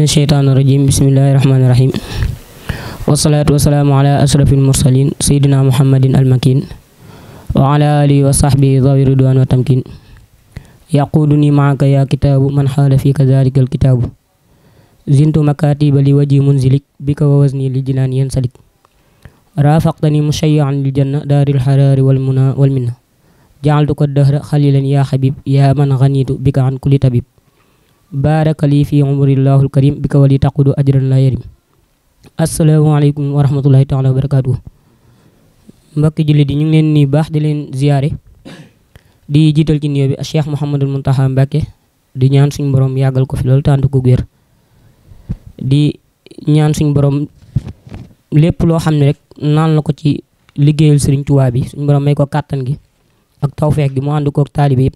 min asheytaani rajim bismillahi rahmaani rahim wasalaatu wasalaamu ala ashrafil mursalin seydina muhammadin almakin wa ala alihi wa sahbihi dawi ridwan wa tamkin yaquduni maaka ya kitaabu man xaala fi kadalika alkitaabu zintu makatiba li waji munzilik bika wa wazni li jinaan yen salik raafaqtani mushayyaan lil janna daaril xaraari wal muna wal minna jaaltuka dahra xalilan ya xabib ya man ganitu bika an kulli tabib baaraka lii fii umurillahul karim bi ko wali taqudu ajran la yarim asalaamaaleykum wa rahmatullahi taala wa barakaatu mbokki jullit yi ñu ngi ni nii baax di leen ziyaare di jiital ci nuyoo bi Cheikh Mouhamadul Mountakha Mbacké di ñaan suñ borom yàggal ko fi loolu tànt ko wér di ñaan suñ borom lépp loo xam ne rek naan la ko ci liggéeyal Sëriñ Tuubaa bi suñ borom may ko kàttan gi ak tawfeex gi mu ànd kook taalibe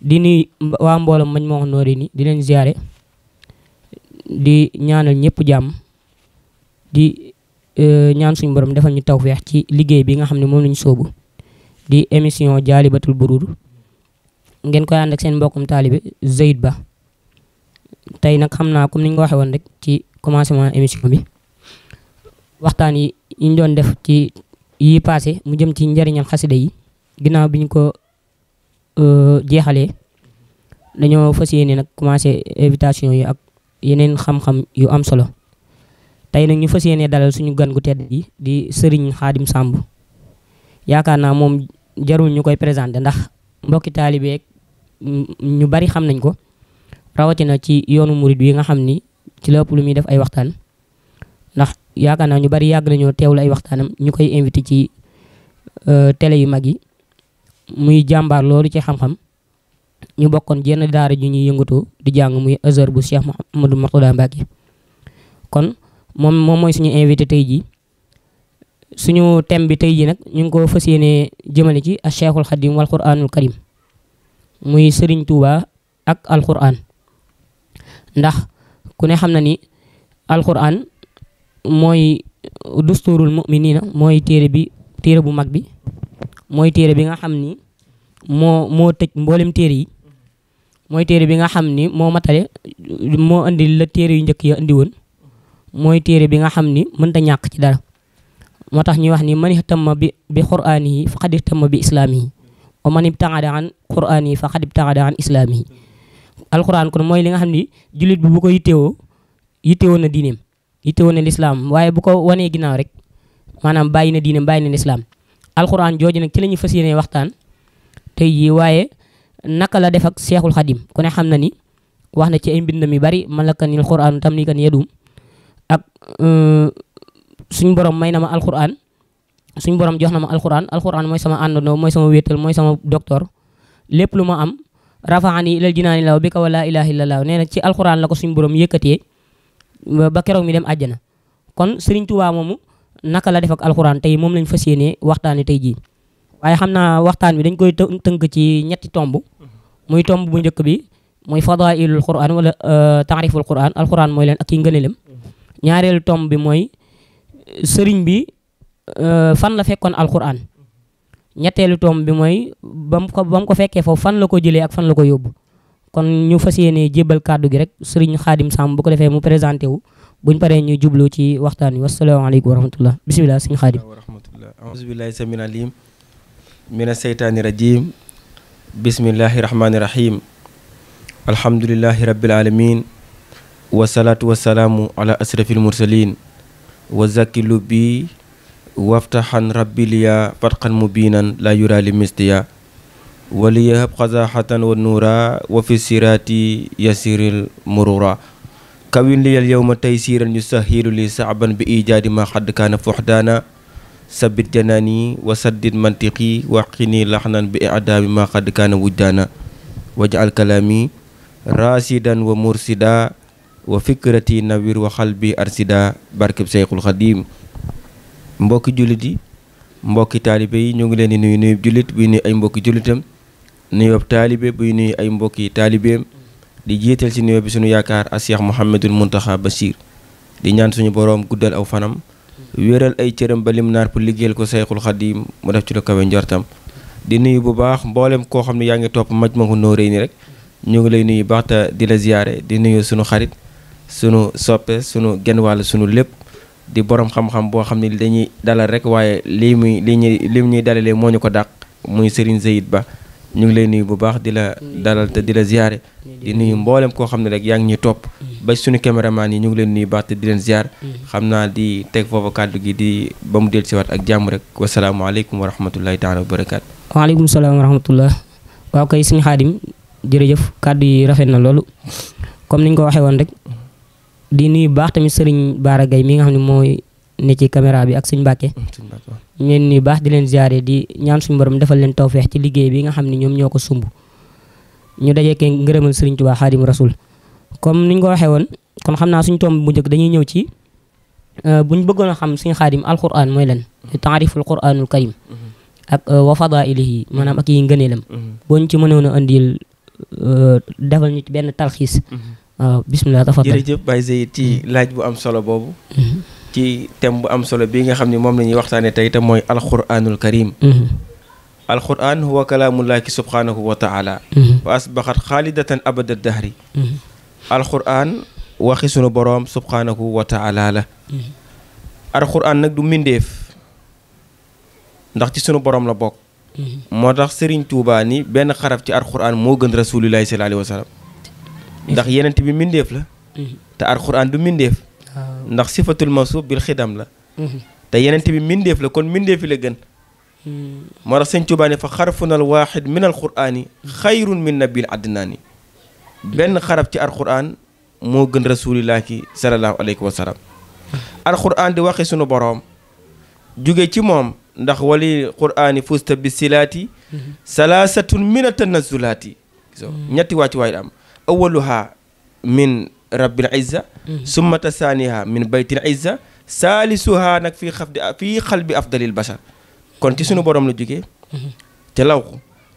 di nuyu waa mbooloo mañ moo noori ni di leen ziare di ñaanal ñëpp jàmm di euh, ñaan suñu borom defal ñu taw tawfeex ci liggéey bi nga xam ne moom lañu sóobu di émission jaalibatul buruur ngeen koy ànd seen mbokkum taalibe Zaid Ba tey nag xam naa comme ni ñu ko waxee woon rek ci commencement émission bi waxtaan yi ñu doon def ci yi passé mu jëm ci njariñal xasida yi ginnaaw bi ko Euh, jeexale dañoo fas yéene nag commencé invitation yi ak yeneen xam-xam yu am solo tey nag ñu fas yéene dalal suñu gan gu tedd yi di Serigne xaadim Samb yaakaar naa moom jarul ñu koy présenté ndax mbokki taalibeek ñu bari xam nañ ko rawatina ci yoonu murid wi nga xam ni ci lépp lu muy def ay waxtaan ndax yaakaar naa ñu bari yàgg nañoo teewlu ay waxtaanam ñu koy invité ci euh, télé yu mag yi muy jàmbaar loolu ci xam-xam ñu bokkoon jenn daara ju ñuy yëngatoo di jàng muy Azhar bu Cheikh Mouhamadou Mourtada Mbacké kon moom moom mooy suñu invité tey jii suñu thème bi tey jii nag ñu ngi ko fas yéenee jëmale ci a Cheikhul Khadim wal Qur'anul Karim muy sëriñ Touba ak Alqur'an ndax ku ne xam na ni Alqur'an mooy dusturul mu'minina mooy téere bi téere bu mag bi mooy téere bi nga xam ni moo moo tëj mboolem téere yi mooy téere bi nga xam ni moo matale moo indi la téere yu njëkk ya indi woon mooy téere bi nga xam ni mën ta ñàkk ci dara moo tax ñuy wax ni man ihtamma bi bi qur'aani yi fa xad ihtamma bi islaami yi wa man ibtaada an qur'aani yi fa xad ibtaada an islaami yi alquran kon mooy li nga xam ni jullit bi bu ko yittewoo yittewoo na diineem yittewoo na lislaam waaye bu ko wanee ginaaw rek maanaam bàyyi na diineem bàyyi na lislaam alxuraan jooju nag ci la ñu fas yéene waxtaan tey waaye naka la def ak seexul xadim ku ne xam na ni wax na ci ay mbindam yu bari malakanil xuraanu tam ni kan yadum ak euh, suñ borom may na ma alxuraan suñ borom jox na ma alxuraan alxuraan mooy sama àndandoo mooy sama wéetal mooy sama docteur lépp lu ma am rafaani ilal jinaani law bi ka wala ilaha illallah nee na ci alxuraan la ko suñ borom yëkkatee ba keroog mi dem àjjana kon Sëriñ moomu naka la def ak alxuraan tey moom lañ fas yéenee waxtaanee tey jii waaye xam naa waxtaan bi dañ koy tënk ci ñetti tomb muy tomb bu njëkk bi muy fadailul quran wala euh, taariful quran alxuraan mooy leen ak yi ngëneelam ñaareelu tomb bi mooy euh, sëriñ bi euh, fan la fekkoon alxuraan ñetteelu tomb bi mooy bam ko ba mu ko fekkee foofu fan la ko jëlee ak fan la ko yóbbu kon ñu fas yéenee jébbal kàddu gi rek sëriñ xaadim Samb bu ko defee mu présenté buñ pare ñu jublu ci waxtaan wi wasalaamaaleykum wa rahmatullah bisimilah sëñ xaadim wa rahmatullah aousubillahi samin alim min aseytaani rajim bismillahi rahmaani rahim alhamdulilahi rabbil alamin wasalaatu wasalaamu ala asrafil mursalin wa zakkilu bi waftaxan mubinan la yurali mistiya waliya hab xasaxatan wa wa fi siraati yasiril murura kawin liyal yow ma tey siiran yu sahilu li saaban bi ijaadi ma xadd kaana fuxdaana sabit janaani wa saddit mantiqi waqini laxnan bi iadaabi ma xadd kaana wujdaana wajaal kalaami raasidan wa mursida wa fikrati nawir wa xalbi arsida barkeb seyxul xadiim mbokki jullit yi mbokki taalibe yi ñu ngi leen di nuyu nuyub jullit buy nuyu ay mbokki jullitam nuyub taalibe buy nuyu ay mbokki taalibeem di jiital ci nuyoo bi suñu yaakaar a Cheikh Mouhamadul Mountakha Bachir di ñaan suñu boroom guddal aw fanam wéeral ay cëram ba lim naar pour liggéeyal ko Seyxul Xadim mu def ci lu kawe njortam di nuyu bu baax mbooleem koo xam ne yaa ngi topp Majmahun Nurayni rek ñu ngi lay nuyu baax di la ziyaare di nuyu suñu xarit sunu soppe sunu genn wàll sunu lépp di borom xam-xam boo xam ne dañuy dalal rek waaye lii muy li ñuy li ñuy dalalee moo ñu ko dàq muy Serigne Zeyid Ba ñu ngi lay nuyu bu baax di la dalal te di la ziyaare di nuyu mboolem koo xam ne rek yaa ngi ñuy topp ba suñu maan yi ñu ngi leen nuyu baax te di leen ziyaar xam naa di teg foofu kàddu gi di ba mu del siwaat ak jàmm rek wasalaamaaleykum wa rahmatullahi taala wa barakaatu waaleykum salaam wa rahmatullah waaw kay xaadim jërëjëf kàddu yi rafet na loolu comme ni niñ ko waxee woon rek di nuyu baax tamit sëriñ Baara Gaye mi nga xam ne mooy ne ci caméra bi ak suñ mbàkke ñu leen nuyu baax di leen ziare di ñaan suñu borom defal leen tawfeex ci liggéey bi nga xam ne ñoom ñoo ko sumb ñu dajeekee ngërëmal Sëriñ Tuubaa Xaadimu Rasuul comme niñ ko waxee woon kon xam naa suñ tomb bu njëkk dañuy ñëw ci euh, buñ bëggoon a xam suñ xaadim alquran mooy lan mm-hmm. taariful quranul karim mm-hmm. ak euh, wa fadailihi maanaam ak yi ngëneelam mm-hmm. boo ñu ci mënoon a andil euh, defal ñu ci benn talxiis waaw bismillah tafadal jërëjëf Baye ci thème bu am solo bi nga xam ne moom la ñuy waxtaanee tey te mooy alquranul karim mhm. alquran huwa kalaamullahi subhanahu wa taala mhm. wa asbaxat xaalidatan abada dahri mhm. alquran waxi sunu boroom subhanahu wa taala la alquran nag du mbindeef ndax ci sunu boroom la bokk moo tax sëriñ Touba ni benn xarab ci alquran moo gën rasulillahi sallallahu ndax yenent bi mbindeef la te alquran du mbindeef ndax sifatul mawsuuf bil xidam la mhm. te yenente bi mindeef la kon mindeef la gën mhm. moo tax sëñ Tuubaa ne fa xarfunal waaxid min alquraani xayrun min nabil xarab ci alquraan moo gën rasulillah ki salallaahu wa di waxe sunu boroom jóge ci moom ndax wali quraani fusta bi silaati mhm. salaasatun mina tanazulaati ñetti wàcc waay am awaluha rabbil izza mhm. summata saaniha min baytil izza saalisuha nag fii xaf di fii xalbi afdalil bashar kon ci sunu borom la jógee ca mhm. law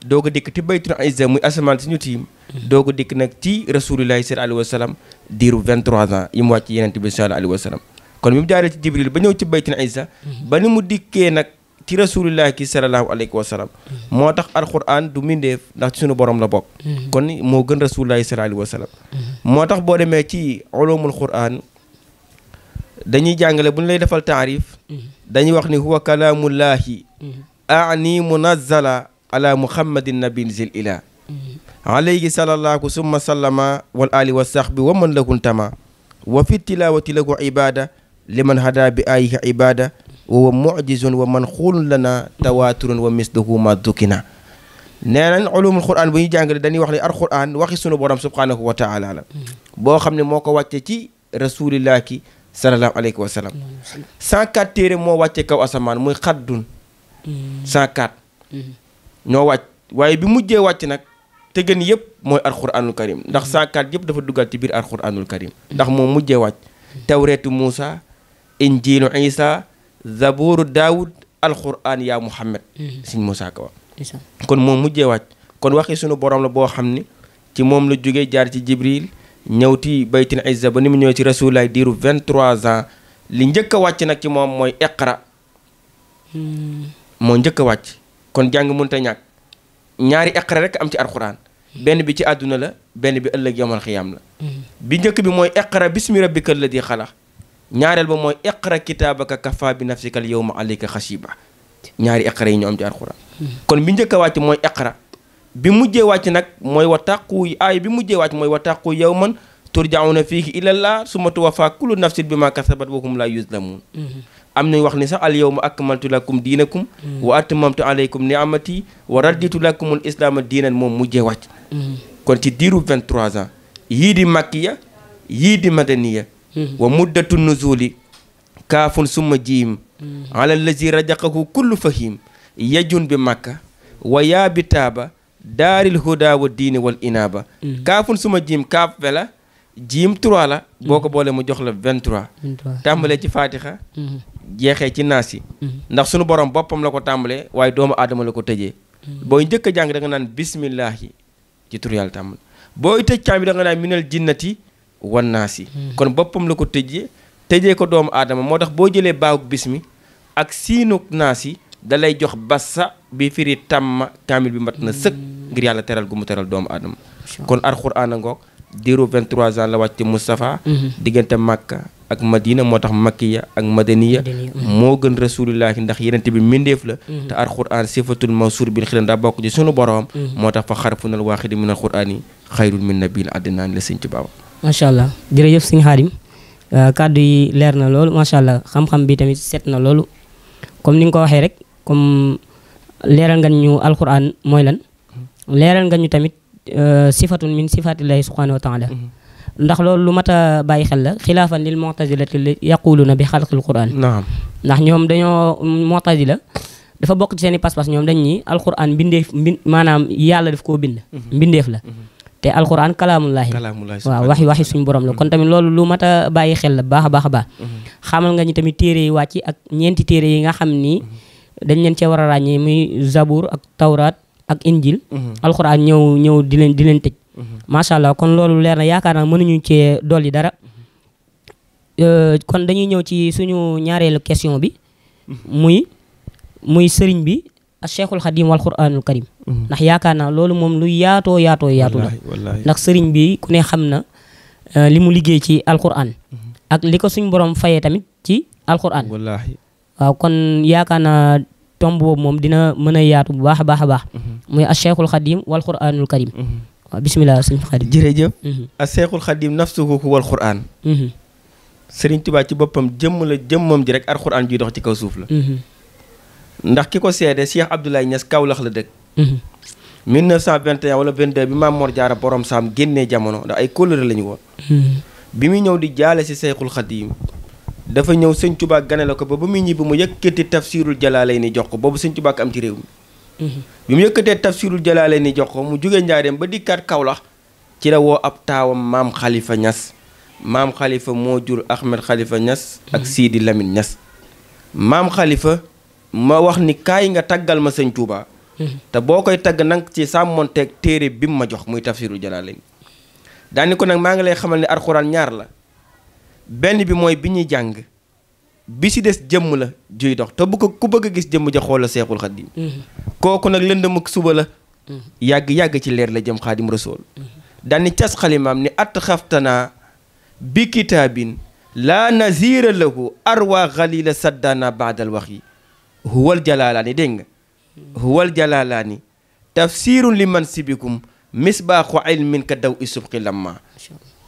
ko a dikk ci baytul izza muy asamaan si ñu tiim mhm. doog a dikk nag ci rasulillahi sal alayhi wa sallam diiru 23 ans yi mu wàcc yeneen bi sal alayhi wa sallam kon bi mu jaaree ci jibril ba ñëw ci baytul izza ba ni mu dikkee nag ci rasulillahi ki sallallahu alayhi moo tax alquran du mbindeef ndax ci suñu borom la bokk mm-hmm. kon moo gën rasulillahi sallallahu alayhi wa mm-hmm. moo tax boo demee ci ulumul dañuy jàngale bu lay defal taarif mm-hmm. dañuy wax ni huwa kalaamullahi ani munazzala ala na nabiin zil ila alayhi sallallahu summa sallama wal ali wa sahbi wa man lahun tama wa fi tilawati lahu ibada liman hada bi ayihi ibada wa mujizun wa manxuulun lana tawaaturun wa misluhu ma dukkina nee nañ ulumul quran bu ñuy jàngale dañuy wax ne al quran waxi sunu borom subhanahu wa taala boo xam ne moo ko wàccee ci rasulillah ki sallallahu alayhi wa sallam 104 téere moo wàccee kaw asamaan muy xaddun 104 ñoo wàcc waaye bi mujjee wàcc nag te gën yëpp mooy al quranul karim ndax 104 yëpp dafa duggal ci biir al quranul karim ndax moom mujjee wàcc tawreetu Muusa injiilu Isa zabooru daawud alquran yaa muhammad mm-hmm. sëñ Moussa Ka wax kon moo mujjee wàcc kon waxi sunu borom la boo xam ni ci moom la jógee jaar ci jibril ñëw ti ci baytin izza ba ni mu ñëwee ci rasulaay diiru 23 ans li njëkk a wàcc nag ci moom mooy iqra mm-hmm. moo njëkk wàcc kon jàng mënut ñàkk ñaari iqra rek am ci alquran mm-hmm. benn bi ci àdduna la benn bi ëllëg yomal xiyaam la bi njëkk bi mooy iqra bismi rabbika alladi xalaq ñaareel ba mooy iqra kitaabaka kafa bi nafsikal yawma alayka xasiba ñaari iqra yi ñu am ci alxuraan kon bi njëkk a wàcc mooy iqra bi mujjee wàcc nag mooy wa taqu aay bi mujjee wàcc mooy wa taqu yawman turjauna fiihi ilallah summa tuwafa kullu nafsin bima kasabat wa hum la yuzlamun mm-hmm. am nañu wax ni sax al yawma akmaltu lakum diinakum mm-hmm. wa atmamtu alaykum niamati wa raditu lakum al islaama diinan moom mujjee wàcc mm-hmm. kon ci diiru 23 ans yii di makkiya yii di madaniya wa muddatu nuzuli kaafun suma jiim ala allazi rajaqahu kullu fahim yajun bi makka wa yaa bi taaba daaril huda wa diini wal ba kaafun suma jiim kaaf la jiim 3 la boo ko boolee mu jox la 23 tàmbalee ci faatixa mhm. jeexee ci naas yi mhm. ndax sunu borom boppam la ko tàmbalee waaye doomu aadama la ko tëjee mhm. booy njëkk a jàng da nga naan bismillahi ci tur yàlla tàmbale booy tëj kaam bi naan minal jinnati wan naa si mhm. kon boppam la ko tëjee tëjee ko doomu aadama moo tax boo jëlee baawuk bismi ak siinuk naa si da lay jox bassa bi firi tàmma kaamil bi mat na sëkk mhm. ngir yàlla teral gu mu teral doomu adama kon alxuraan a ngoog diiru 23 ans la wàcc Moustapha mhm. diggante Makka ak Madina moo tax Makkiya ak Madaniya moo gën rasulillahi ndax yenente bi mbindeef la te alxuraan sifatul mawsuur bil xilan daa bokk ci sunu boroom moo tax fa xarfunal waaxidi min alxuraan yi xayrul min nabil macha allah jërëjëf sëñ Xaadim euh, kàddu yi leer na loolu macha allah xam-xam bi tamit set na loolu comme ni nga ko waxee rek comme leeral nga ñu alquran mooy lan leeral nga ñu tamit euh, sifatun min sifatillahi subhanahu wa taala mhm. ndax loolu lu mat a bàyyi xel la xilaafan lil mu'tazilati li na bi xalqil quran ndax ñoom dañoo mu'tazila dafa bokk ci seen i pas ñoom dañ ni alquran mbindeef mbi maanaam yàlla daf koo bind mbindeef mhm. la mhm. te alquran kalaamullahi waaw waxi waxi suñu borom la kon tamit loolu lu mat a bàyyi xel la baax a baax a baax mhm. xamal nga ñu tamit téere yi wàcc ak ñeenti téere yi nga xam ni mhm. dañ leen cee war a ràññee muy zabour ak tawraat ak injil mhm. alquran ñëw ñëw di leen di leen tëj macha allah kon loolu leer na yaakaar naa mënuñu cee dolli dara euh, kon dañuy ñëw ci suñu ñaareelu question bi muy muy sëriñ bi a cheikhul xadim wal quranul karim mhm. ndax yaakaar na loolu moom lu yaatoo yaatoo yaatu la ndax sëriñ bi ku ne xam na euh, li mu liggéey ci alquran mhm. ak li ko suñ borom fayee tamit ci alquran waaw kon yaakaar naa tomb boobu moom dina mën a yaatu bu baax a baax a baax mhm. muy a cheikhul xadim wal quranul karim waaw bisimilah sëriñ xadim jërëjëf a cheikhul xadim nafsuhu wal quran sëriñ tubaa ci boppam jëmm la moom ji rek alquran juy dox ci kaw suuf la ndax ki ko seede Cheikh Abdoulaye Niass Kaolack la dëkk. 1921 mhm. wala 22 bi maam Mor Jaara borom saam génnee jamono ndax ay kóllëre la ñu woon. Mhm. bi muy ñëw di jaale si Seyxul Xadiim dafa ñëw sëñ Tuubaa gane la ko ba ba muy ñibbi mu yëkkati tafsirul ni jox ko boobu sëñ Tuubaa am ci réew mi. Mhm. bi mu yëkkatee tafsirul Jalaalayni jox ko mu jógee Njaareem ba dikkaat Kaolack ci la woo ab taawam maam xalifa ñas maam xalifa moo jur Ahmed Khalifa Niass. ak Sidi Lamine Niass. maam Khalifa. ma wax ni kaay nga taggal ma sëñ Touba. te boo koy tagg nang ci sàmmonteeg téere bi ma jox muy tafsiru jalaalayn daani ko nag maa ngi lay xamal ni alxuraan ñaar la benn bi mooy bi ñuy jàng bi ci des jëmm la juy dox te bu ko ku bëgg a gis jëmm ja xoola seexul xaddim kooku nag lëndëm ak suba la yàgg-yàgg ci leer la jëm xaadim rasool daani cas xalimaam ni at xaftanaa bi kitaabin laa nazira lahu arwa xalila saddana baadal wax yi huwal jalaalaani dégg nga hmm. huwal jalaalaani tafsirun li man mansibikum misbaaxu ilmin ka daw isubqi lamma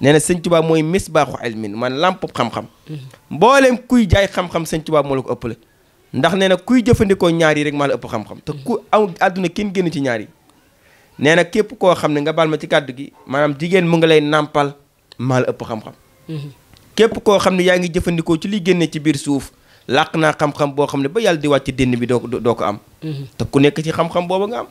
nee na sëñ Tuubaa mooy misbaaxu ilmin man làmp xam-xam hmm. mbooleem kuy jaay xam-xam sëñ Tuubaa moo la ko ëppale ndax nee na kuy jëfandikoo ñaari rek maa la ëpp xam-xam te ku am àdduna kenn génn ci ñaari yi na képp koo xam ne nga baal ma ci kàddu gi maanaam jigéen mu nga lay nàmpal maa la ëpp xam-xam hmm. képp koo xam ne yaa ngi jëfandikoo ci li génne ci biir suuf làq naa xam-xam boo xam ne ba yàlla di wàcc dënn bi doo doo ko am mm-hmm. te ku nekk ci xam-xam booba nga am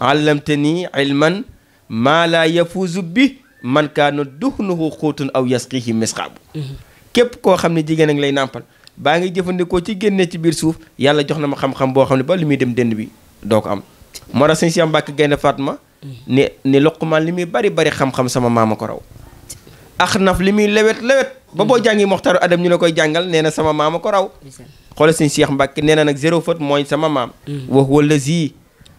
allamte nii ilman maa laa yafuusu bi man kaana duxnuhu xóotun aw yasqihi misxaabu mm-hmm. képp koo xam ne jigéen a lay nàmpal baa ngi jëfandikoo ci génne ci biir suuf yàlla jox na ma xam-xam boo xam ne ba li muy dem dënn bi doo ko am moo tax sëñ si Mbàkke Gaynde Fatma ni ni ma li muy bari bari xam-xam sama maam ko raw axnaf li muy lewet lewet ba boo jàngi moxtaru adam ñu la koy jàngal nee na sama maama ko raw xoolal sëñ Cheikh Mbacke nee na nag zéro faute mooy sama maam wax mm. wala zi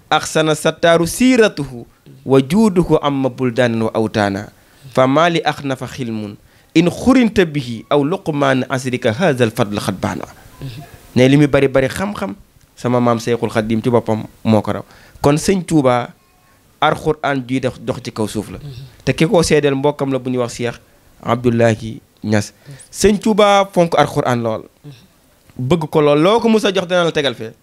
axsana sattaaru siiratuhu wa am amma buldaanan wa awtaana fa maali ax na fa xilmun in xurinta bihi aw luqmaan asrika haazal fadl xadbaana mm-hmm. ne li muy bari bari xam-xam sama maam Seexul Xadiim ci boppam moo ko raw kon sëñ Touba alxuraan juy dox ci kaw suuf la mm-hmm. te ki koo seedeel mbokkam la bu ñuy wax Cheikh Abdoulahi ñas sëñ Tuuba fonk alxuraan lool bëgg ko lool loo ko mos a jox dana la tegal fee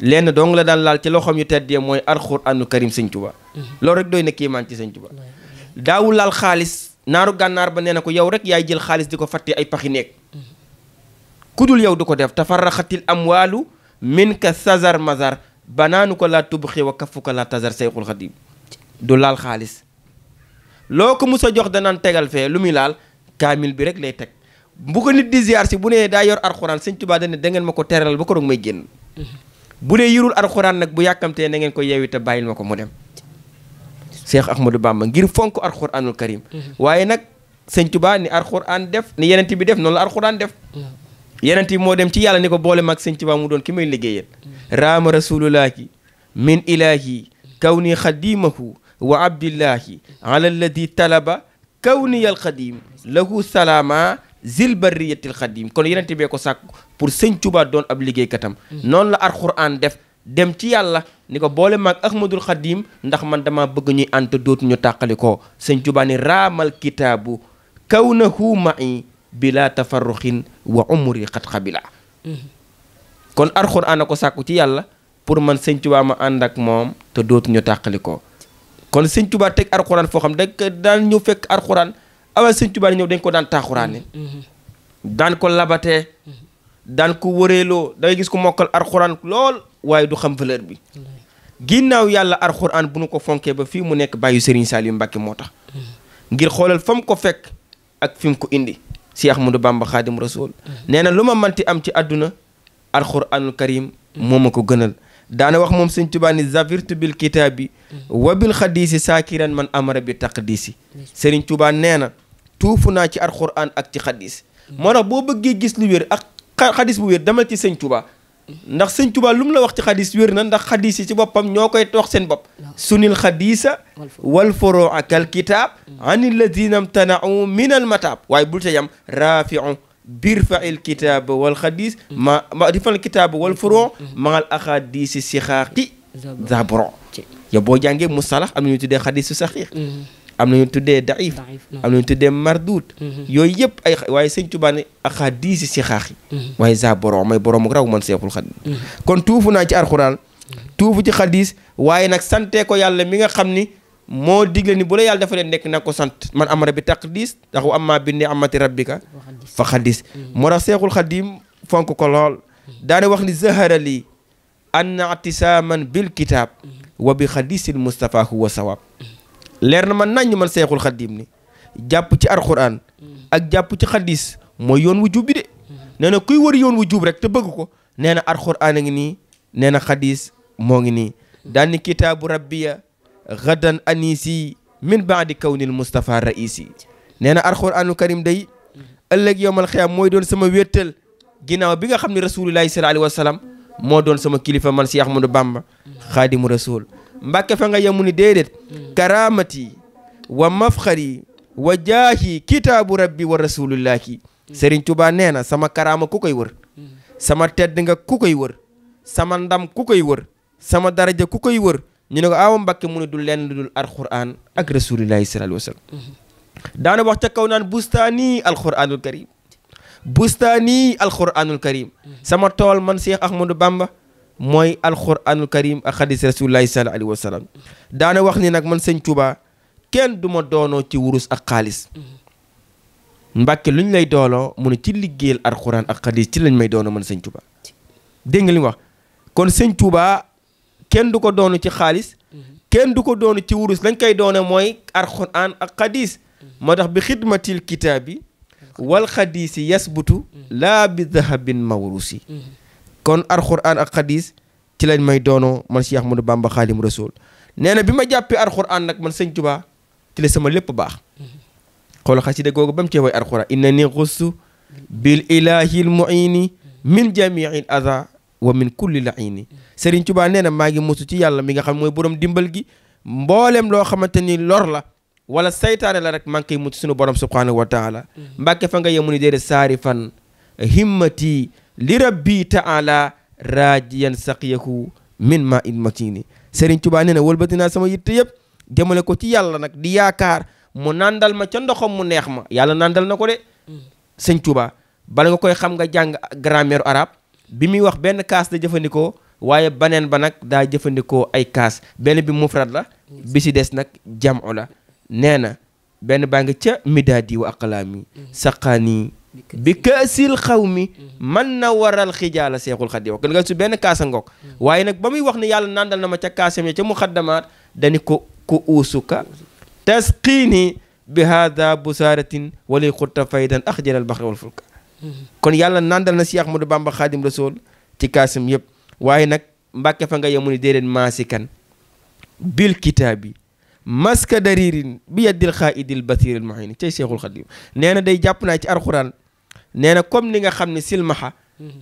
lenn dong la daan laal ci loxoom yu teddee mooy alxuraanu karim sëñ Tuuba loolu rek doy na kiimaan ci sëñ Tuuba daawul laal xaalis naaru gànnaar ba nee na ko yow rek yaay jël xaalis di ko fàttee ay paxi néeg kudul yow du ko def tafarraxatil amwaalu min ka sazar mazar banaanu ko laa tubxi wa kafu ko laa tazar seyxul xadim du laal xaalis loo ko mos a jox danaan tegal fee laal kaamil bi rek lay teg bu ko nit di si bu nee daa yor arxuraan sëñ Tuubaa dane da ngeen ma ko teral ba ko doog may génn mm-hmm. bu dee yurul arxuraan nag bu yàkkamtee na ko yeewi te bàyyil ma ko mu dem Cheikh Ahmadou Bamba ngir fonk arxuraanul karim mm-hmm. waaye nag sëñ Tuubaa ni arxuraan def ni yenent bi def noonu la arxuraan def mm-hmm. yenent moo dem ci yàlla ni ko boole mag sëñ Tuubaa mu doon ki may liggéeyal raama rasulullahi min ilahi kaw ni xadimahu wa abdillahi ala alladi talaba kawniyal xadim lahu salaama zil barriyatil xadim kon yenente bee ko sàkk pour sëñ Tuubaa doon ab liggéeykatam mm-hmm. noonu la alxuraan def dem ci yàlla ni ko boole maag ahmadul xadim ndax man dama bëgg ñuy ànt dootuñu tàqali ko sëñ Tuubaa ni raamal kitaabu kawnahu ma'i bila tafarruxin wa umri xat xabila mm-hmm. kon alxuraan a ko sàkku ci yàlla pour man sëñ Tuubaa ma ànd ak moom te dootuñu tàqali ko kon sëñ Tuubaa teg arxuraan foo xam dañ daan ñëw fekk arxuraan avant sëñ Tuubaa ñëw dañ ko daan taaxuraane mm-hmm. mm-hmm. daan ko labatee mm-hmm. daan ko wëreeloo da gis ko mokkal arxuraan lool waaye du xam valeur bi ginnaaw yàlla arxuraan bu nu ko fonkee ba fii mu nekk bàyyi Serigne Saliou Mbacké moo tax ngir xoolal fam ko fekk ak fi mu ko indi si Ahmadou Bamba Xaadim Rasul nee na lu ma manti am ci adduna alxuraanul karim moo ma ko gënal daana wax moom sëñ Tuubaa ni zavirtu bi kitaabi wa bil xadiisi saakiran man amara bi taqdiisi sëriñ Tuubaa nee na tuufu naa ci alxuraan ak ci xadiis moo tax boo bëggee gis lu wér ak xadiis bu wér damal ci sëñ Tuubaa ndax sëñ Tuubaa lu la wax ci xadiis wér na ndax xadiis yi ci boppam ñoo koy wax seen bopp sunil xadiisa wal furuu kal kitaab an alladina mtanau min al waaye bul te yam rafiu birfa il kitaab wal xadis ma ma difal kitaab wal furon maal axadisi sixaaqi zabron yow boo jàngee musalax am na ñu tuddee xadisu saxiix am na ñu tuddee daif am na ñu tuddee marduut mhm. yooyu yëpp ay waaye sëñ Tuubaa ne axadisi sixaaqi mhm. waaye zabron mooy borom raw man seexul xadiis mhm. kon tuufu naa ci alxuraan tuufu ci xadis waaye nag sante ko yàlla mi nga xam ni moo digle ni bu yàlla dafa leen nekk na ko sant man amara bi taq diis ndax wa amma bi ni amati rabbika fa xadis moo tax seexul xadim fonk ko lool daana wax ni zahara lii anna atisaaman bil kitaab wa bi xadisil mustapha huwa sawaab leer na man naññ man seexul xadim ni jàpp ci alquran ak jàpp ci xadiis mooy yoon wu jub bi de nee na kuy wër yoon wu jub rek te bëgg ko nee na alquran a ngi nii nee na xadis moo ngi nii daan ni kitaabu rabbiya gadan anisi min baadi kawnil Moustapha raisi nee na alxuraanu karim day ëllëg yowmal xiyaam mooy doon sama wéttal ginnaaw bi nga xam ne rasulillahi sallallahu alayhi wa sallam moo doon sama kilifa man si Ahmadou Bamba xaadimu rasul mbàkke fa nga yemu ni déedéet karamati wa mafxari wa jaahi kitaabu rabbi wa rasulillahi Serigne Touba nee na sama karaama ku koy wër sama tedd nga ku sama ndam ku koy wër sama daraja ku koy wër ñu ne ko awa Mbàkke mu ne du lenn dul alquran ak rasulillahi sallallahu alayhi wa sallam daana wax ca kaw naan bustaani alquranul karim bustaani alquranul karim sama tool man ak Ahmadou Bamba mooy alquranul karim ak xadis rasulillahi sallallahu alayhi wa sallam daana wax ni nag man sëñ Tuubaa kenn du ma doonoo ci wurus ak xaalis Mbàkke lu lay dooloo mu ci ci liggéeyal alquran ak xadis ci lañ may doonoo man sëñ Tuubaa dégg wax kon sëñ Tuubaa kenn du ko doonu ci xaalis mhm. kenn du ko doonu ci wurus lañ koy doone mooy alxuraan ak xadiis mhm. moo tax bi xidmatil kitaabi wal xadiisi yasbutu mhm. laa bi ma mawrusi kon alxuraan ak xadiis ci lañ may doonoo man Cheikh Ahmadou Bamba Xaadimu Rasuul nee na bi ma jàppee alxuraan nag man sëñ Tuubaa ci la sama lépp baax xool xasida googu ba mu cee way alxuraan inna ni xustu bil ilaahil muini min jamiil aza wa min kulli laini Serigne Touba nee na maa ngi musu ci yàlla mi nga xam mooy borom dimbal gi mboolem loo xamante ni lor la wala saytaane la rek maa ngi koy mucc sunu borom subhanahu wa taala mbàkke fa nga yemu ni déedéet saari fan himmati li rabbi taala raajiyan saqiyahu min ma in matini Serigne Touba nee na wëlbati naa sama yitte yëpp jëmale ko ci yàlla nag di yaakaar mu nandal ma ca ndoxam mu neex ma yàlla nandal na ko de mm. sëñ Touba bala koy xam nga jàng grammaire bi muy wax benn kaas la jëfandikoo waaye baneen ba nag daa jëfandikoo ay kaas benn bi mufrad la bi si des nag jamu la nee na benn baa ngi ca midaadi wa aqlaami saqaani bi kaasil xaw mi mën na waral xijaala seexul xaddi wax nga su benn kaasa ngoog waaye nag ba muy wax ne yàlla nandal na ma ca kaasam ya ca muxaddamaat dañu ko ku uusuka tasqiini bi haada busaaratin wali xutta faydan axjal al baxri wal fulka kon yàlla nandal na si Ahmadou Bamba Xaadim Rasool ci kaasam yëpp waaye nag mbake fa nga yemu ni déedéet maasi kan bil kitaabi maska daririn bi yaddil xaaidil basiril muhini cay seexul xadim nee na day jàpp naa ci alxuraan nee na comme ni nga xam ne silmaxa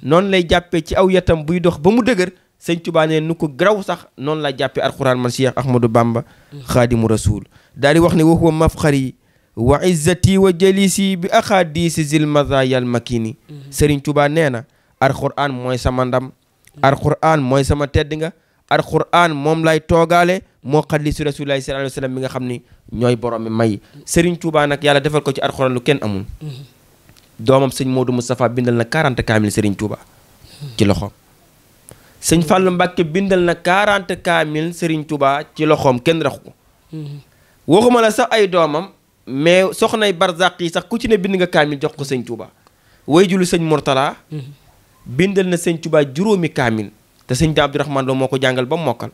noonu lay jàppee ci aw yatam buy dox ba mu dëgër sëñ Tuubaa nee nu ko graw sax noonu laa jàppee alxuraan man Cheikh Ahmadou Bamba xaadimu rasul daal wax ne wa huwa mafxari wa izzati wa jalisi bi axaadisi zil mazaya al makini mhm. Serigne Touba nee na alxuraan mooy sama ndam mhm. alxuraan mooy sama tedd nga alxuraan moom lay toogaale moo xaddisu rasulillahi sallallahu alayhi wa mi nga xam ni ñooy borom mi may Serigne Touba nag yàlla defal ko ci alxuraan lu kenn amul mhm. doomam sëñ Modou Moustapha bindal na 40 kaamil Serigne Touba ci loxoom sëñ Fallou Mbacke bindal na 40 kaamil Serigne Touba ci loxoom kenn raxu ko waxuma la sax mais soxnay barzaq yi sax ku ci ne bind nga kaamil jox ko sëñ Touba. way julu sëñ Mourtala. bindal na sëñ Touba juróomi kaamil te sëñ Abdou Rahman Lo moo ko jàngal ba mokkal.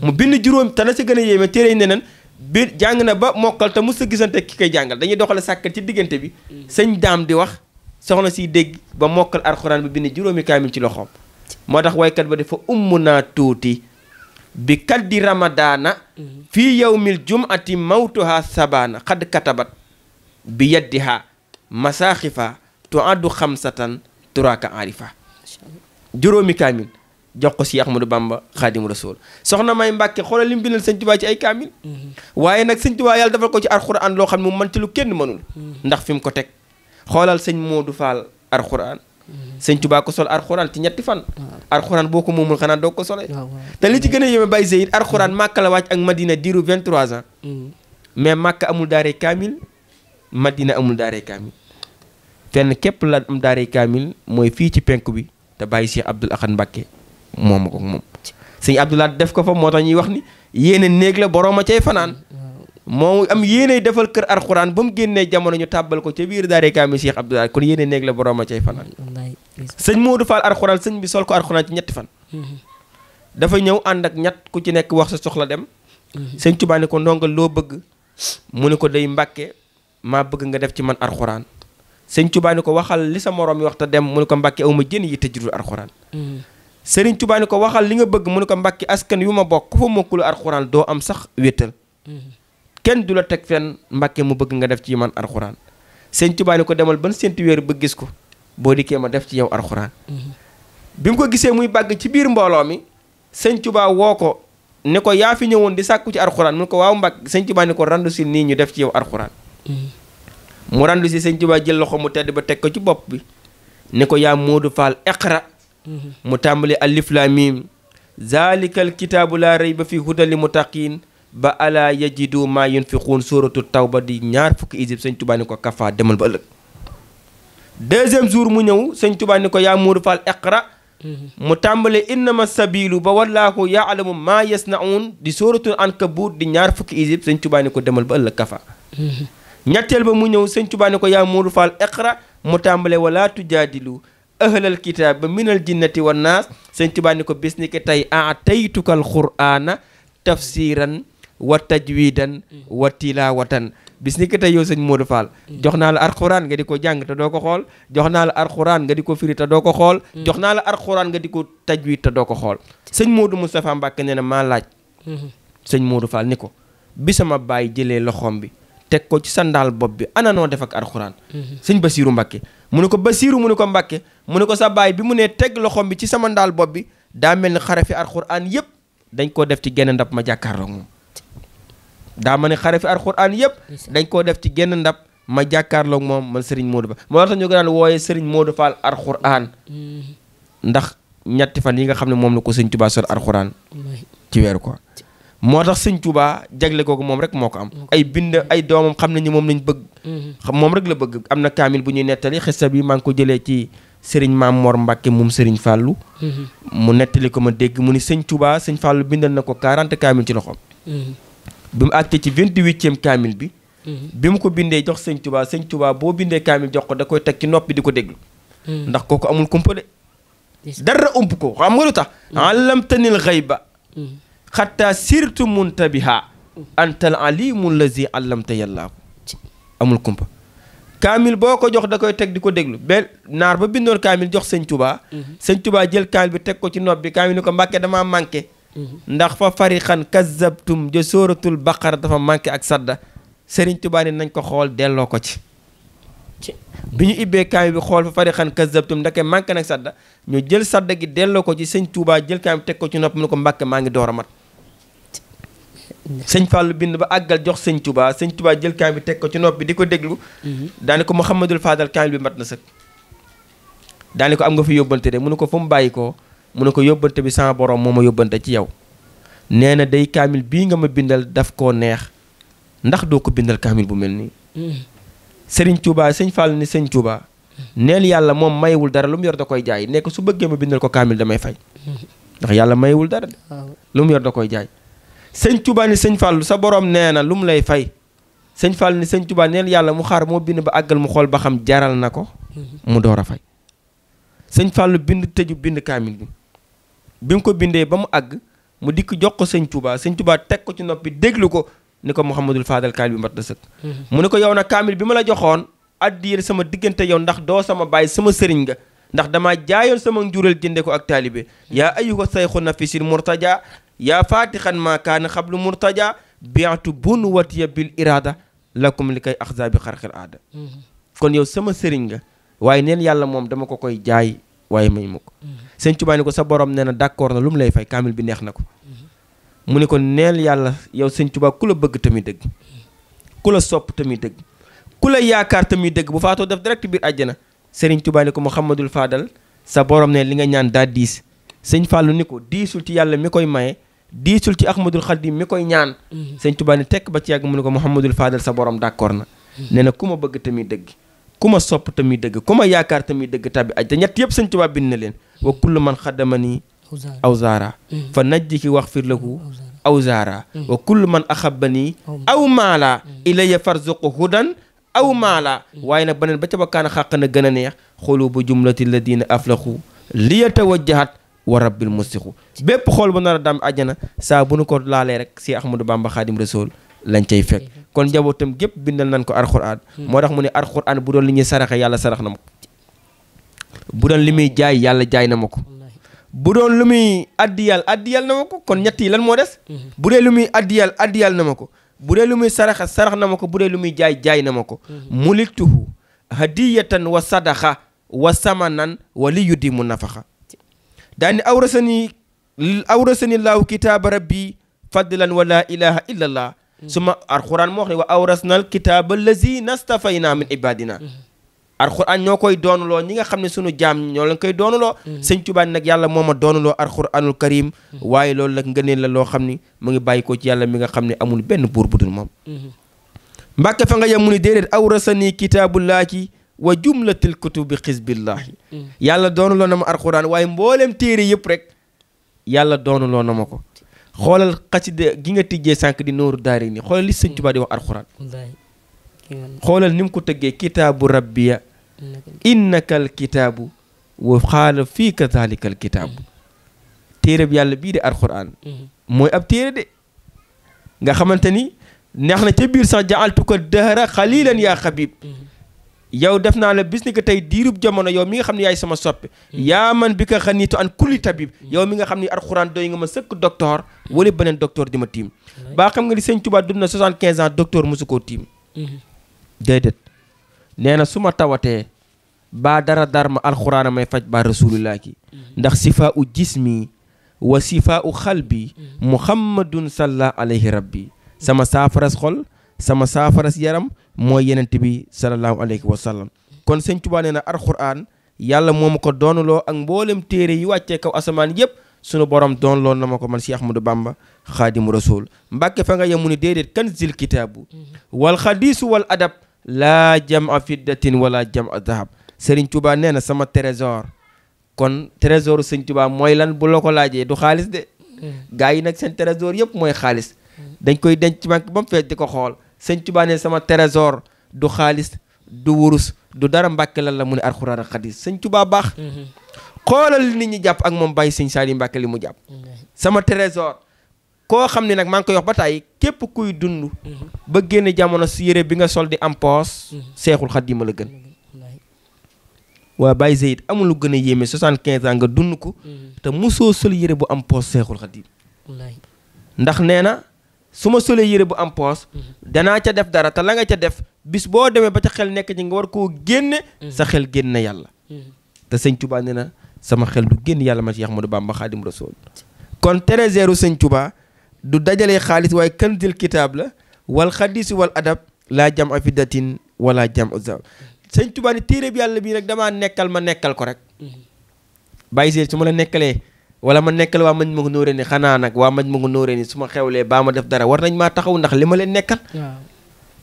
mu bind juróom te la si gën a yéeme téere yi neneen bi jàng ba mokkal te mos a gisante ki koy jàngal dañuy doxale sàkkal ci diggante bi. sëñ daam di wax soxna siy dégg ba mokkal alxuraan bi bind juróomi kaamil ci loxoom. moo tax waykat bi dafa ummu naa tuuti. bi kaddi ramadaana fii yawmil jum'ati mawtuha sabaana xad katabat bi yaddiha masaaxifa tuaddu xamsatan turaka arifa juróomi kaamil jox ko si Ahmadou Bamba xaadimu rasul soxna may Mbàkke xoolal li mu bindal sëñ Tuubaa ci ay kaamil waaye nag sëñ Tuubaa yàlla defal ko ci alxuraan loo xam ne mu mën ci lu kenn mënul mm-hmm. ndax fi mu ko teg xoolal sëñ Moodu Faal alxuraan sëñ Tuubaa ko sol arxuraan ci ñetti fan arxuraan boo ko moomul xanaa doo ko solee te li ci gën a yéeme Baye Zeyd arxuraan Màkka la wàcc ak Madina diiru 23 ans mm. mais Màkka amul daaree kaamil Madina amul daaree kaamil fenn képp la am daaree kaamil mooy fii ci penk bi te bàyyi Cheikh Abdoul Ahad Mbacké moom ko moom sëñ Abdoul Ahad def ko fa moo tax ñuy wax ni yéene néeg la borooma cay fanaan mm, mm. moo am yéene defal kër alxuraan ba mu génnee jamono ñu tàbbal ko ca biir daare kaami Cheikh Abdoulaye kon yéene néeg la borom a cay fanaan sëñ Modou Fall alxuraan sëñ bi sol ko alxuraan ñetti fan mm-hmm. dafa ñëw ànd ak ñett ku ci nekk wax sa soxla dem mm-hmm. sëñ Tuubaa ko ndongal loo bëgg mu ne ko day mbàkke maa bëgg nga def ci man alxuraan sëñ Tuubaa ko waxal li sa moroom yi wax dem mu ne ko mbàkke awma jën yi te judul alxuraan mm-hmm. sëriñ Tuubaa ko waxal li nga bëgg mu ne ko mbakki askan yu ma bokk ku fa mokkulu alxuraan doo am sax wéttal kenn du la teg fenn mbàkke mu bëgg nga def ci man alxuraan sëñ Tuubaa ni ko demal ban séntu ba gis ko boo di kee ma def ci yow alxuraan mm-hmm. bi mu ko gisee muy bàgg ci biir mbooloo mi sëñ Tuubaa woo ko ne ko yaa fi ñëwoon di sàkku ci alxuraan mun ko waaw mbàkke sëñ Tuubaa ni ko randu si nii ñu def ci yow alxuraan mm-hmm. mu randu si sëñ Tuubaa jël loxo mu tedd ba teg ko ci bopp bi ne ko yaa Moodu Faal iqra mm-hmm. mu tàmbali alif laam miim zaalikal kitaabu laa rayba fii ba alaa yajidu maa yunfiquun sóoratu tawba di ñaar fukki isib sëñ tubaa ni ko kafaa demal ba ëllëg deuxième jour mu ñëw sëñ tubaa ko yaa muuru mm-hmm. mm-hmm. faal iqra mu tàmbale innama sabilu ba wallaahu yaalamu maa yasnaun di sóoratul ankabut di ñaar fukki isib sëñ demal ba ëllëg kafa mu ñëw sëñ tubaa mu tàmbale wala tujaadilu ahlal kitaab ba minal jinnati wan naas sëñ ko bis ni ko tey aataytukal qur'aana tafsiran wa tajwidan wa tilawatan bis ni ko tey yow sañ Modou Fall jox naa la alxuraan nga di ko jàng te doo ko xool jox naa la alxuraan nga di ko firi te doo ko xool jox naa la alxuraan nga di ko tajwid te doo ko xool sëñ Modou Moustapha Mbacke nee na maa laaj sañ moodu Fall ni ko bi sama baay jëlee loxoom bi teg ko ci sa ndaal bopp bi ana noo def ak alxuraan sëñ Basiiru Mbacke mu ne ko Basiiru mu ne ko Mbacke mu ne ko sa baay bi mu nee teg loxoom bi ci sama ndaal bopp bi daa mel ni xarafi alxuraan yëpp dañ koo def ci genn ndab ma jàkkaarloo daa ma ne xarafi alxuraan yëpp dañ koo def ci genn ndab ma jàkkaarloog moom ma sëriñ Modou Fall moo tax ñu ko daan wooyee Serigne Modou Fall alxuraan mm-hmm. ndax ñetti fan yi nga xam ne moom la ko sëñ Touba sol ci weeru ko moo tax sëñ Touba jagle kooku moom rek moo ko am ay bind ay doomam xam nañu moom lañ bëgg mm-hmm. moom rek la bëgg am na kaamil bu ñuy nettali xista bi maa ngi ko jëlee ci sëriñ Maam Mor Mbàkke moom sëriñ Fàllu mm-hmm. mu nettali ko ma dégg mu ni sëñ Touba sëñ Fàllu bindal na ko 40 kaamil ci loxoom bi mu àggte ci vingt-huitième kaamil bi mhm. bi mu ko bindee jox sëñ tubaa sëñ tubaa boo bindee kaamil jox ko da koy teg ci noppi di ko déglu mhm. ndax kooku amul kumpa de dara ko xam nga lu tax mhm. allamtanil xayba xatta sirtu muntabiha antal alimul lazi allamta yàllaa ko amul kumpa boo ko jox da koy teg di ko déglu benn naar ba bindoon kaamil jox sëñ tubaa jël kaamil bi teg ko ci nopp bi kaamil ni ko mbàkke damaa manqué Mm-hmm. ndax fa xan kazzabtum ja sóoratul baqara dafa manqué ak sadda sëriñ tubaa ni nañ ko xool delloo ko ci bi ñu ibbee kaami bi xool fa fariqan kazzabtum ndake manqué nag sadda ñu jël sadda gi delloo ko ci sëñ Tuubaa jël kaami teg ko ci nopp mu ko mbàkke maa ngi door a mat sëñ Fallou bind ba àggal jox sëñ Touba sëñ Touba kaamil bi teg ko ci nopp bi di ko déglu. Mm-hmm. daane ko Mouhamadul Fadal kaamil bi mat na sëkk. daane ko am nga fi yóbbante de mu ne ko fu mu bàyyi ko mu ne ko yóbbante bi sama borom moo ma yóbbante ci yow nee na day kaamil bii nga ma bindal daf koo neex ndax doo ko bindal kaamil bu mel nii. Mm. sëriñ Touba sëñ Fall ni sëñ Touba. neel yàlla moom maywul dara lu mu yor da koy jaay nekk su bëggee ma bindal ko kaamil damay fay. yàlla maywul dara. lu da koy jaay. sëñ Touba sëñ Fall sa borom nee na lu mu lay fay. sëñ Fall ni sëñ Touba neel yàlla mu xaar moo bind ba àggal mu xool ba xam jaral na ko. Mm-hmm. mu door a fay. sëñ Fall bind tëju bind kaamil bi. bi mu ko bindee ba mu àgg mu dikk jox ko sëñ Touba sëñ Touba teg ko ci noppi déglu ko ni ko Mouhamadul Fadal kaamil bi mat na sëkk. Mhm. mu ne ko yow nag kaamil bi ma la joxoon addiya sama diggante yow ndax doo sama baay sama sëriñ nga ndax dama jaayoon sama njuréel jënde ko ak taalibe yaa ayyuha sayxu nafisil murtaja yaa fatixan ma kaana xablu murtaja biatu bunu watiya bil irada lakum li kay axza bi xarxil aada mhm. kon yow sama sëriñ nga waaye neen yàlla moom dama ko koy jaay waaye may mu sëñ Tuubaa ni ko sa borom nee na d'accord na lu mu lay fay kaamil bi neex na ko mu ni ko neel yàlla yow sëñ Tuubaa ku la bëgg tamit dëgg ku la sopp tamit dëgg ku la yaakaar tamit dëgg bu faatoo def direct biir àjj na Tuubaa ni ko Muhammadul Faadal sa borom ne li nga ñaan daa diis sëñ Fallou ni ko diisul ci yàlla mi koy maye diisul ci Ahmadul Xadim mi koy ñaan mm-hmm. sëñ Tuubaa tekk ba ci mu ni ko Muhammadul Faadal sa borom d'accord na mm-hmm. nee na ku ma bëgg tamit dëgg ku ma sopp tamit dëgg ku ma yaakaar tamit dëgg tàbbi aj te ñett yëpp sëñ Tuubaa bind na leen wa kullu man xaddama nii awzaara mm-hmm. fa najji ki wax fir lahu awzaara mm-hmm. wa kullu man a nii aw maala mm-hmm. ilayya farzuqu hudan aw maala waaye nag beneen ba ca bakkaan xàq na gën a neex xoolu bu jumlati ladina aflaxu liya tawajjahat wa rabbil musixu bépp xool bu nar a daam àjjana saa bu nu ko laalee rek si Ahmadou Bamba Xaadim Rasool lañ cay fekk kon njabootam gépp bindal nañ ko alxuraan hmm. moo tax mu ne alxuraan bu doon li ñuy saraxe yàlla sarax na ma li muy jaay yàlla jaay na ma ko bu doon lu muy addiyal addiyal na ma ko kon ñett lan moo des hmm. bu dee lu muy addiyal addiyal na ma ko bu dee lu muy saraxa sarax na ma ko bu dee lu muy jaay jaay na ma ko hmm. mulituhu hadiyatan wa sadaxa wa samanan wa li yuddi mu nafaxa daani awrasani awrasani laahu kitaaba rabbi fadlan wa laa ilaha su suma alxuraan moo wax ne wa awrasnal kitaaba lazina stafayna min ibadina mhm. alxuraan ñoo koy doonuloo ñi nga xam ne sunu jaam ñoo leen koy doonuloo mhm. sëñ Tuubaa nag yàlla moo ma doonuloo alxuraanul karim mhm. waaye loolu nag ngëneel la loo xam ni mu ngi bàyyi ko ci yàlla mi nga xam ne amul benn buur bu dul moom mbàkke fa nga yem mu ni déedéet laa ci wa jumlatil kutubi xisbillaahi yàlla doonuloo na ma alxuraan waaye mbooleem téere yëpp rek yàlla doonuloo na ko xoolal xasida gi nga tijjee sànq di nooru daari ni xoolal li sëñ Tuubaa di wax alxuraan xoolal ni mu ko tëggee kitaabu rabbiya innaka al kitaabu wa xaala fii ka zaalika al kitaabu yàlla bii di alxuraan mm-hmm. mooy ab téere de nga xamante ni neex na ca biir sax jaaltu ko dahra xalilan yaa xabib mm-hmm. yow def naa la bis ni que tey diirub jamono yow mi nga xam ne yaay sama soppe hmm. yaa man bi ko xaniitu an kulli tabib hmm. yow mi nga xam ni alxuraan doy nga ma sëkk docteur hmm. wala beneen docteur di ma tiim baa xam nga di sëñ Tuubaa dund na 75 ans docteur mosu koo tiim déedéet nee na su ma tawatee baa dara dar ma alxuraan may faj baa rasulullah ki ndax sifaa u jismi wa sifaa u xalbi muhammadun salla alayhi rabbi sama saafaras xol sama saafaras yaram mooy yenent bi salallaahu aleyhi wa sallam kon sëñ Tuubaa nee na alxuraan yàlla moo ma ko doonuloo ak mboolem téere yi wàccee kaw asamaan yëpp sunu borom doon loon na ma ko man si Ahmadou Bamba xaadimu rasul mbàkke fa nga yemu ni déedéet kan zil kitaabu wal xadiisu wal adab laa jam a fiddatin wala jam a dahab sëriñ Tuubaa nee na sama trésor kon trésoru sëñ Tuubaa mooy lan bu la ko laajee du xaalis de mm. gaa yi nag seen trésor yëpp mooy xaalis mm. dañ koy denc banque ba mu di ko xool sëñ Tuubaa ne sama trésor du xaalis du wurus du dara mbàkke lal la mu ne alxuraan ak xadis sëñ Tuubaa baax mhm. xoolal nit ñi jàpp ak moom bàyyi sëñ Saliou Mbàkke li mu jàpp sama trésor koo xam ne nag maa ngi koy wax ba tàyyi képp kuy dund mhm. ba génne jamono si yére bi nga sol di am poos mhm. seexul xadima la gën waa Baye Zeyid amul lu gën a yéeme soixante-quinze ans nga dund ko te musoo sol yére bu am poos seexul xadim ndax nee su ma solee yére bu am poos mhm. danaa ca def dara te la nga ca def bis boo demee ba ca xel nekk ci nga war koo génne mhm. sa xel génn yàlla mhm. te sëñ Tuba nee na sama xel du génn yàlla ma ci Ahmadu Bamba Xaadim Rasul kon téréseru sëñ Tuba du dajalee xaalis waaye kanzil kitaab la wal xadisi wal adab laa jam afidatin wala jam uzab sëñ Tuba ni téere bi yàlla bii rek damaa nekkal ma nekkal ko rek bàyyi see su ma la nekkalee wala ma nekkal waa maj ma ko nóoree ni xanaa nag waa maj ma ko nóoree ni su ma xewlee baa ma def dara war nañ maa taxaw ndax li ma leen nekkal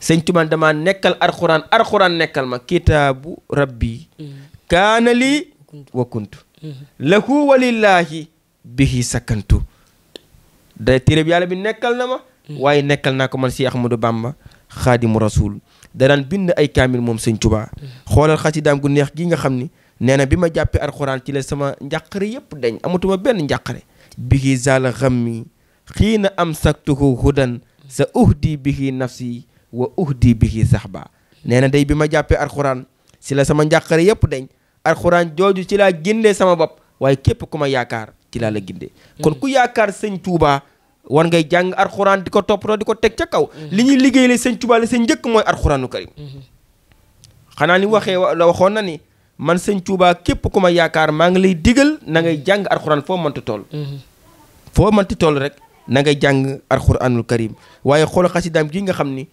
sëñ Tuubaa damaa nekkal arxuraan arxuraan nekkal ma kitaabu rabbi mm. kaana lii wa kuntu mm-hmm. lahu walillaahi bihi sakkantu da téréb bi nekkal na ma mm. waaye nekkal naa ko man si Ahmadou Bamba xaadimu rasul da daan bind ay kaamil moom sëñ Tuubaa mm. xoolal xasidaam gu neex gi nga xam ni nee na bi ma jàppee alxuraan ci la sama njàqare yëpp dañ amatuma benn njàqare bihi zaala xammi xiina amsaktuhu hudan sa uhdi bihi nafsi wa uhdi bihi sahba nee na day bi ma jàppee alxuraan si la sama njàqare yëpp dañ alxuraan jooju ci laa gindee sama bopp waaye képp ku ma yaakaar ci laa la gindee kon ku yaakaar sëñ Tuubaa war ngay jàng alxuraan di ko toppatoo di ko teg ca kaw mm-hmm. li ñuy liggéey la sëñ Tuubaa la seen njëkk mooy alxuraanu karim mm-hmm. xanaa ni waxee waxoon na ni man sëñ Touba képp ku ma yaakaar maa ngi lay digal na ngay mm-hmm. jàng alxuraan foo mënti tool mm-hmm. foo mënti toll rek na ngay jàng alxuraanul karim waaye xool xasidaam gi nga xam ni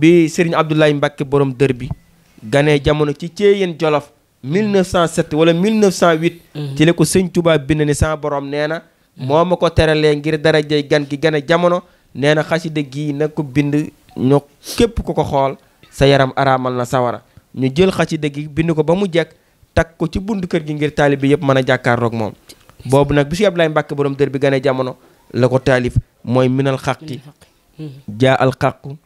bi Serigne Abdoulaye Mbacke borom dër bi ganee jamono ci Thiéyène Jolof 1907 wala 1908. Mm-hmm. ci la ko sëñ Touba bind ni sama boroom nee na. moo ma ko teralee ngir darajay gan gi gane jamono nee na xasida gii na ko bind ñoo képp ku ko xool sa yaram araamal na sawara ñu jël xasida gi bind ko ba mu jekk takk ko ci buntu kër gi ngir taalib bi yëpp mën a jàkkaarloog moom boobu nag bi si Ablaye Mbàkke borom dër bi gane jamono la ko taalif mooy minal xaqi hmm. jaa al xaqu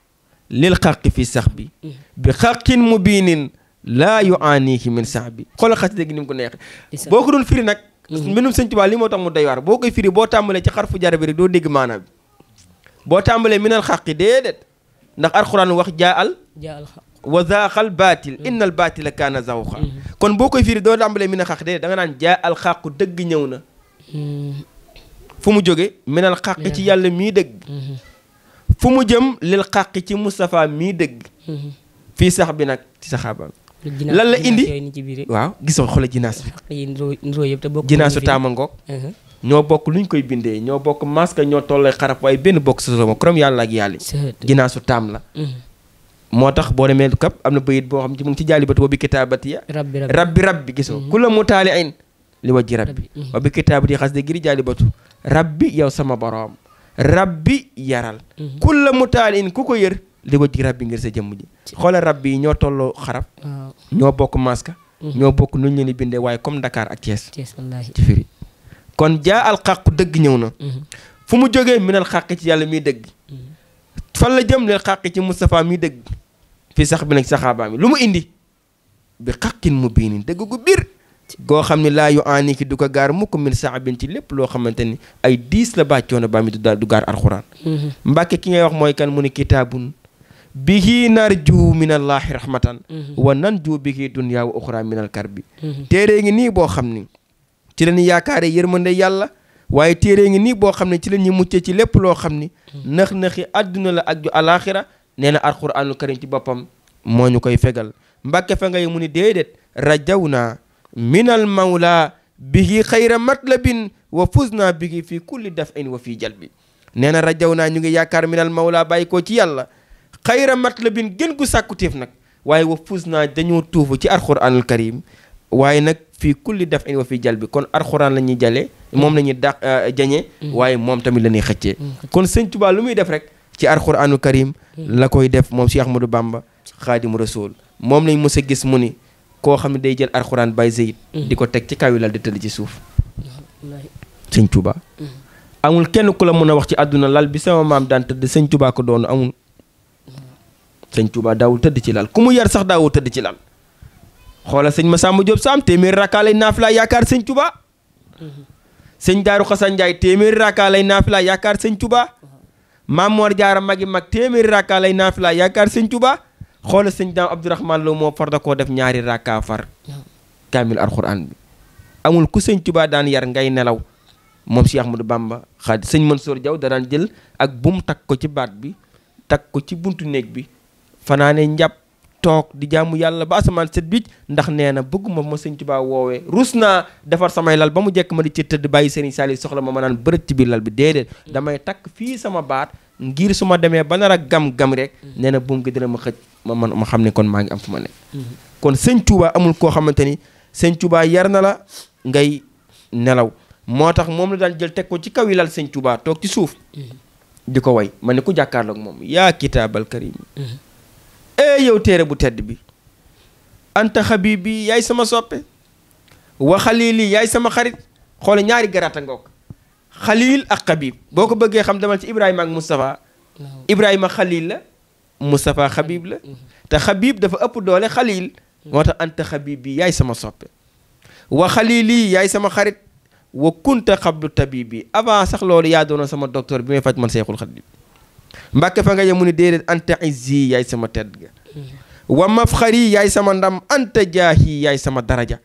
lil xaqi fi sax bi hmm. bi xaqin mu biinin laa yu aanihi min sax bi xoolal xasida gi ni mu ko neexee boo ko doon firi nag hmm. mbindum sëñ Tuubaa li moo tax mu doy waar boo koy firi boo tàmbalee ci xarfu jara bi rek doo dégg maanaam bi boo tàmbalee minal xaqi déedéet ndax alxuraan wax jaa al jaa al wa zaaxal baatil mm. innal baatila kaana zawqa mm-hmm. kon boo koy fiir doo dàmbalee min a xaq dee da nga naan jaa al xaqu dëgg ñëw na mm-hmm. fu mu jóge min al xaq ci yàlla mii dëgg mm-hmm. fu mu jëm lil xaq ci Moustapha mii dëgg fii sax bi nag ci saxaabaam lan la indi waaw gisoo xoolal jinaas bi jinaasu taama ngoog uh-huh. ñoo bokk luñ koy bindee ñoo bokk masque ñoo tollee xarab waaye benn bokk sa soma korom yàlla ak yàlla jinaasu taam la moo tax boo demee kap am na bayit boo xam ci mu ngi ci jaalibatu wa bi kitaabati ya rabbi rabbi gisoo mm-hmm. ku la mu taali li li wajji rabbi mm-hmm. wa bi kitaabati ya xas de giri jaalibatu rabbi yow sama boroom rabbi yaral mm-hmm. ku la mu taali in ku ko yër li wajji rabbi ngir sa jëmm ji xoolal rabbi yi ñoo tolloo xarab ñoo bokk maska ñoo bokk nuñ leen di bindee waaye comme ndakaar ak Thiès ci firi kon jaa alxaqu dëgg ñëw na fu mu jógee minal xàq ci yàlla miy dëgg la jëm leel xàq ci Moustapha dëgg fii sax bi nag saxaabaa mi lu mu indi bi xaqin mu biinin dëgg ko biir goo xam ne laa yu aani ki du ko gaar mukk min saabin ci lépp loo xamante ni ay diis la bàccoona baa mi du daal du gaar alxuraan mm-hmm. mbàkke ki ngay wax mooy kan mu ne kitaabun bihi narju min allahi rahmatan mm-hmm. wa nanju bihi dunya wa uxra min alkar bi mm-hmm. téere ngi nii boo xam ni ci lañu yaakaare yërmande yàlla waaye téere ngi nii boo xam ne ci la ñuy muccee ci lépp loo xam ni nax-naxi àdduna la ak ju nee na alquraanul karim ci boppam moo ñu koy fegal mbàkke ngay mu ni déedéet rajaw naa minal mawla bihi xayra matlabin wa fuz naa bihi fii kulli dafin wa fii jalbi nee na rajaw naa ñu ngi yaakaar minal mawla bàyyi koo ci yàlla la matlabin gën gu sàkku nag waaye wa fuz naa dañoo tuufu ci alquraanul karim waaye nag fii kulli daf in fii jal bi kon alxuraan la ñuy jale moom la ñuy dàq euh, jañe mm. waaye moom tamit lañuy ñuy xëccee mm. kon sëñ Tuubaa lu muy def rek ci alxuraanu karim hmm. la koy def moom Cheikh Ahmadou Bamba xaadimu rasul moom lañ mës gis mu ni koo xam ne day jël alxuraan bay zeyit hmm. di ko teg ci kaw yi lal di tëdd ci suuf sëñ Tuuba hmm. amul kenn ku la mën a wax ci àdduna lal bi sama maam daan tëdd sëñ Tuuba ko doon amul sëñ Tuuba daawul tëdd ci lal ku mu yar sax daawul tëdd ci lal xoola sëñ Masamba Diop Sam téeméeri rakkaa lay naafila yaakaar sëñ Tuuba sëñ Daaru Xasan téeméeri rakkaa lay naafila yaakaar sëñ Tuuba maam Mor Jaara yi mag téeméeri rakka lay naafila yaakaar sëñ Tuba xoola sëñ Daam Abdourahman Lo moo far da koo def ñaari rakka far kaamil alxuraan bi amul ku sëñ Tuba daan yar ngay nelaw moom Cheikh Ahmadou Bamba xaadi sëñ Mansour Diaw da daan jël ak bum takk ko ci baat bi takk ko ci buntu néeg bi fanaane njàpp toog di jàmm yàlla ba asamaan set bi ndax nee na bëgguma ma sëñ Tuubaa woowee rus naa defar samay lal ba mu jekk ma di ci tëdd bàyyi Serigne Saliou soxla ma ma naan bërët ci biir lal bi déedéet mm. damay takk fii sama baat ngir su ma demee ba nar a gam-gam rek mm. nee na buum gi dina ma xëj ma man ma xam ne kon maa ngi am fu ma nekk mm-hmm. kon sëñ Tuubaa amul koo xamante ni sëñ Tuubaa yar na la ngay nelaw moo tax moom la daan jël teg ko ci kaw yi lal sëñ Tuubaa toog ci suuf mm-hmm. di ko way ma ee eh, yow téere bu tedd bi anta xabibi yaay sama soppe wa xalili yaay sama xarit xoole ñaari garaata ngoog xalil ak xabib boo ko bëggee xam damal ci ibrahima ak moustapha ibrahima xalil la moustapha xabib la mm-hmm. te xabib dafa ëpp doole xalil mm-hmm. moo tax anta xabib bi yaay sama soppe wa xalili yaay sama xarit wa kunta xablu tabib bi avant sax loolu yaa doonoon sama docteur bi may faj man seexul xadim mbàkke fa nga mu ni déedéet anta izzi yaay sama tedd ga wa mafxari yaay sama ndam anta jaahi yaay sama daraja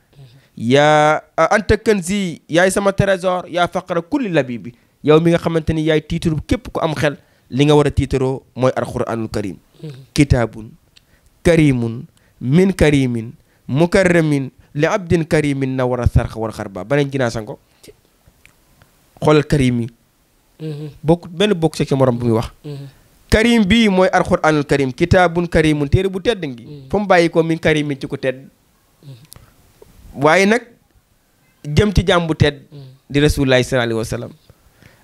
yaa anta kanzi yaay sama trésor yaa faqara kulli labibi yow mi nga xamante ni yaay tiitaru képp ku am xel li nga war a tiitaroo mooy alquranul karim kitaabun karimun min karimin mukarramin li abdin karimin na war a sarx war xar baa baneen jinaa sanko xoolal karim yi bokkut benn bokk ci morom bu muy wax. karim bii mooy alxuraanul karim kitaabun karimun téere bu tedd ngi. Mm-hmm. fa mu bàyyi ko min karimin ci ku tedd. Mm-hmm. waaye nag jëm ci jaam tedd. Mm-hmm. di rasulilah sallallahu alayhi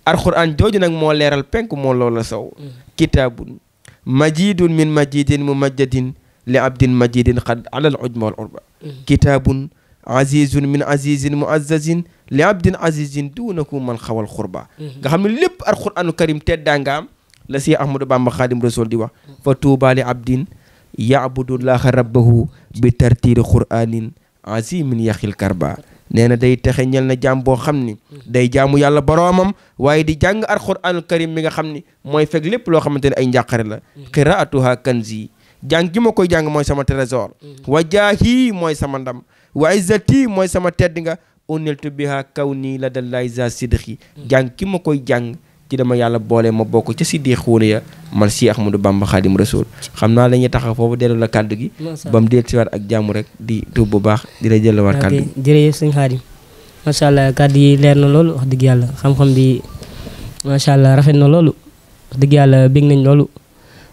alxuraan jooju nag moo leeral penk moo loola sow. kitaabun majidun min majidin mu majjadin li abdin majidin xad alal ujma wal urba kitaabun. azizun min azizin muazzazin li abdin azizin duunaku man xawal xurba mhm. nga xam ne lépp alquranu karim teddaangaam la si ahmadou bamba xaadim rasul di wax fa tuuba li abdin yaabudullaha rabbahu bi tartiiri quranin azimin yaxil karba nee na day texe ñel na jaam boo xam ni mhm. day jaamu yàlla boroomam waaye di jàng alquranul karim mi nga xam ni mooy fekk lépp loo xam xamante ne ay njàqare la mhm. qiraatuha kanzi jàng gi ma koy jàng mooy sama trésor wajaahi mooy sama ndam waaye izzati mooy sama tedd nga uniltu biha kaw nii la dal laay za sidix yi mm. jàng ki ma koy jàng ci dama yàlla boole ma bokk ca si dee xuune ya man si Ahmadou Bamba Xaadim Rasul xam naa la ñuy taxaw foofu dellu la kàddu gi ba mu deel siwaat ak jàmm rek di tuub bu baax di la jëllawaat kàddu gi jërëjëf sëñ Xaadim macha allah kàddu yi leer na loolu wax dëgg yàlla xam-xam bi macha allah rafet na loolu wax dëgg yàlla bég nañ loolu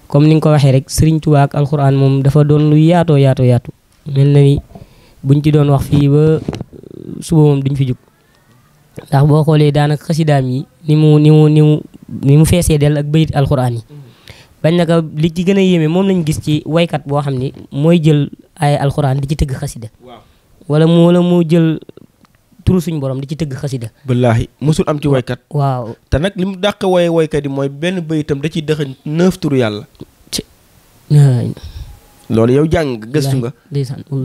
comme ni nga ko waxee rek Sëriñ tubaak ak alxuraan moom dafa doon lu yaatoo yaatoo yaatu mel na buñ ci doon wax fii ba uh, suba moom duñ fi jug ndax boo xoolee daanaka xasidaam yi ni mu ni mu ni mu ni mu feesee del ak bayit alxuraan yi bañ naka li ci gën a yéeme moom lañ gis ci waykat boo xam ni mooy jël ay alxuraan di ci tëgg xasida wala mu wala mu jël turu suñu borom di ci tëgg xasida wallaahi mosul am ci waykat waaw te nag li mu dàq waye waykat yi mooy benn bayitam da ciy dëxëñ neuf turu yàlla loolu yow jàng nga nga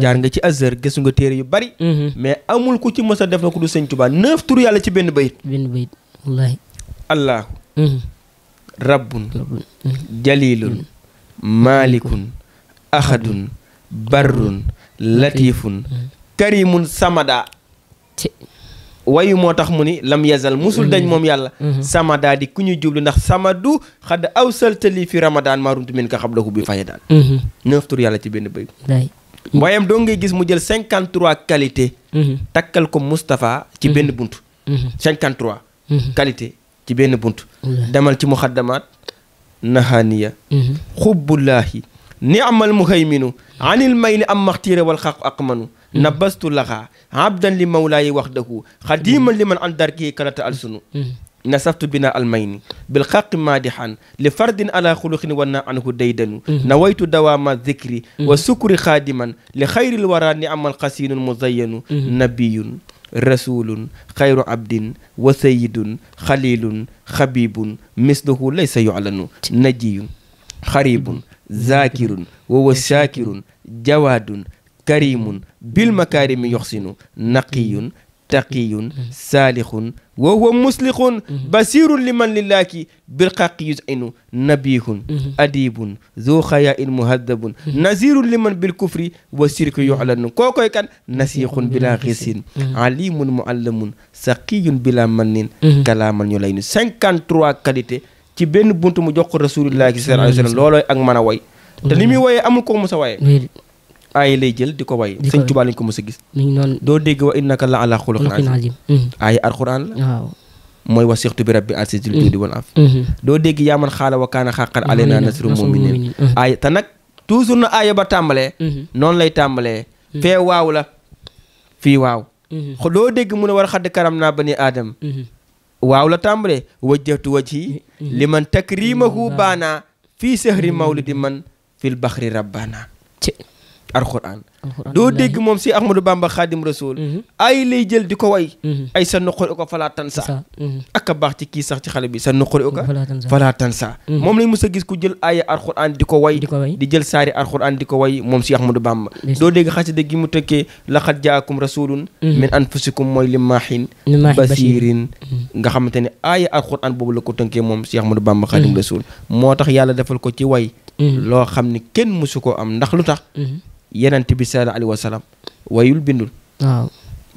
jaar nga ci azhar gëstu nga téere yu bari mm-hmm. mais amul ku ci mës def na ko du sëñ Tuubaa neuf yàlla ci benn bayit benn bayit wallaahi allaahu mm-hmm. rabbun mm-hmm. jalilun maalikun axadun barrun latifun karimun samada wayu moo tax mu ni lam yazal musul dañ mm-hmm. moom yàlla mm-hmm. sama daa di ku ñu jublu ndax sama du xadd aw saltali fi ma maarumtu min ka xablahu bi faye daal mm-hmm. neuf tur yàlla ci benn béy waayam doo ngay gis mu jël cinquante trois qualité takkal ko Moustapha ci benn bunt cinquante trois qualité ci benn bunt demal ci muxaddamaat nahaniya xubbullaahi ni'mal muhayminu anil may ni am maxtiire wal xaqu aqmanu Mm-hmm. nabastu laxaa abdan li mawlaayi waxdahu xadiman mm-hmm. li man an darkihi kanata alsunu mm-hmm. nasaftu bina almayni bilxaqi maadihan li fardin ala xuluqin wa na anhu daydanu nawaytu dawaama dicri wa sukri xaadiman li xayril wara ni amal xasinun muzayanu nabiyun rasulun xayru abdin wa sayidun xalilun xabibun misluhu laysa yulanu najiyun xaribun zakirun wa wa shaakirun jawaadun karimun bil makarimi yoxsinu naqiyun taqiyun saalixun wa huwa muslixun mhm. basirun liman lillaaki bil xaqi yusinu nabihun mhm. adibun zo xayaain muhadabun mhm. nazirun liman bil kufri wa sirki yuxlanu kookoy kan nasixun bila xisin alimun muallamun saqiyun bila mannin kalaaman ñu lay nu 53 qualité ci benn bunt mu jox ko rasulillah sallallahu alayhi wa sallam loolooy ak mën a woy te li muy woyee amul ko mu sa woyee aay lay jël di ko way sëñ hmm. mooy wa hmm. Hmm. kaana xaqan alayna nasru muminin aay te nag toujours na aaya ba tàmbalee noonu lay tàmbalee fee waaw la fii waaw doo dégg mu ne war a xadd karam naa bani aadam waaw la tàmbalee wajjatu wajhi liman takrimahu baana fii sahri mawlidi man fil baxri rabbana alxuraan doo dégg moom si Ahmadou Bamba xaadim rasul mhm. ay lay jël di ko way mhm. ay sa nuqari uko falaa tansa mhm. ak a baax ci kii sax ci xale bi sa nuqari uko falaa tansa moom lay mës a gis ku jël aaya alxuraan di ko way di jël saari alxuraan di ko way moom si Ahmadou Bamba doo dégg xasida gi mu tëkkee laqad jaakum rasulun min anfusikum mooy li maaxin basirin nga xamante ne aaya alxuraan boobu la ko tënkee moom si Ahmadou Bamba xaadim rasul moo tax yàlla defal ko ci way loo xam ne kenn mësu koo am ndax lu tax yenent bi sallallahu alayhi wa sallam wayul bindul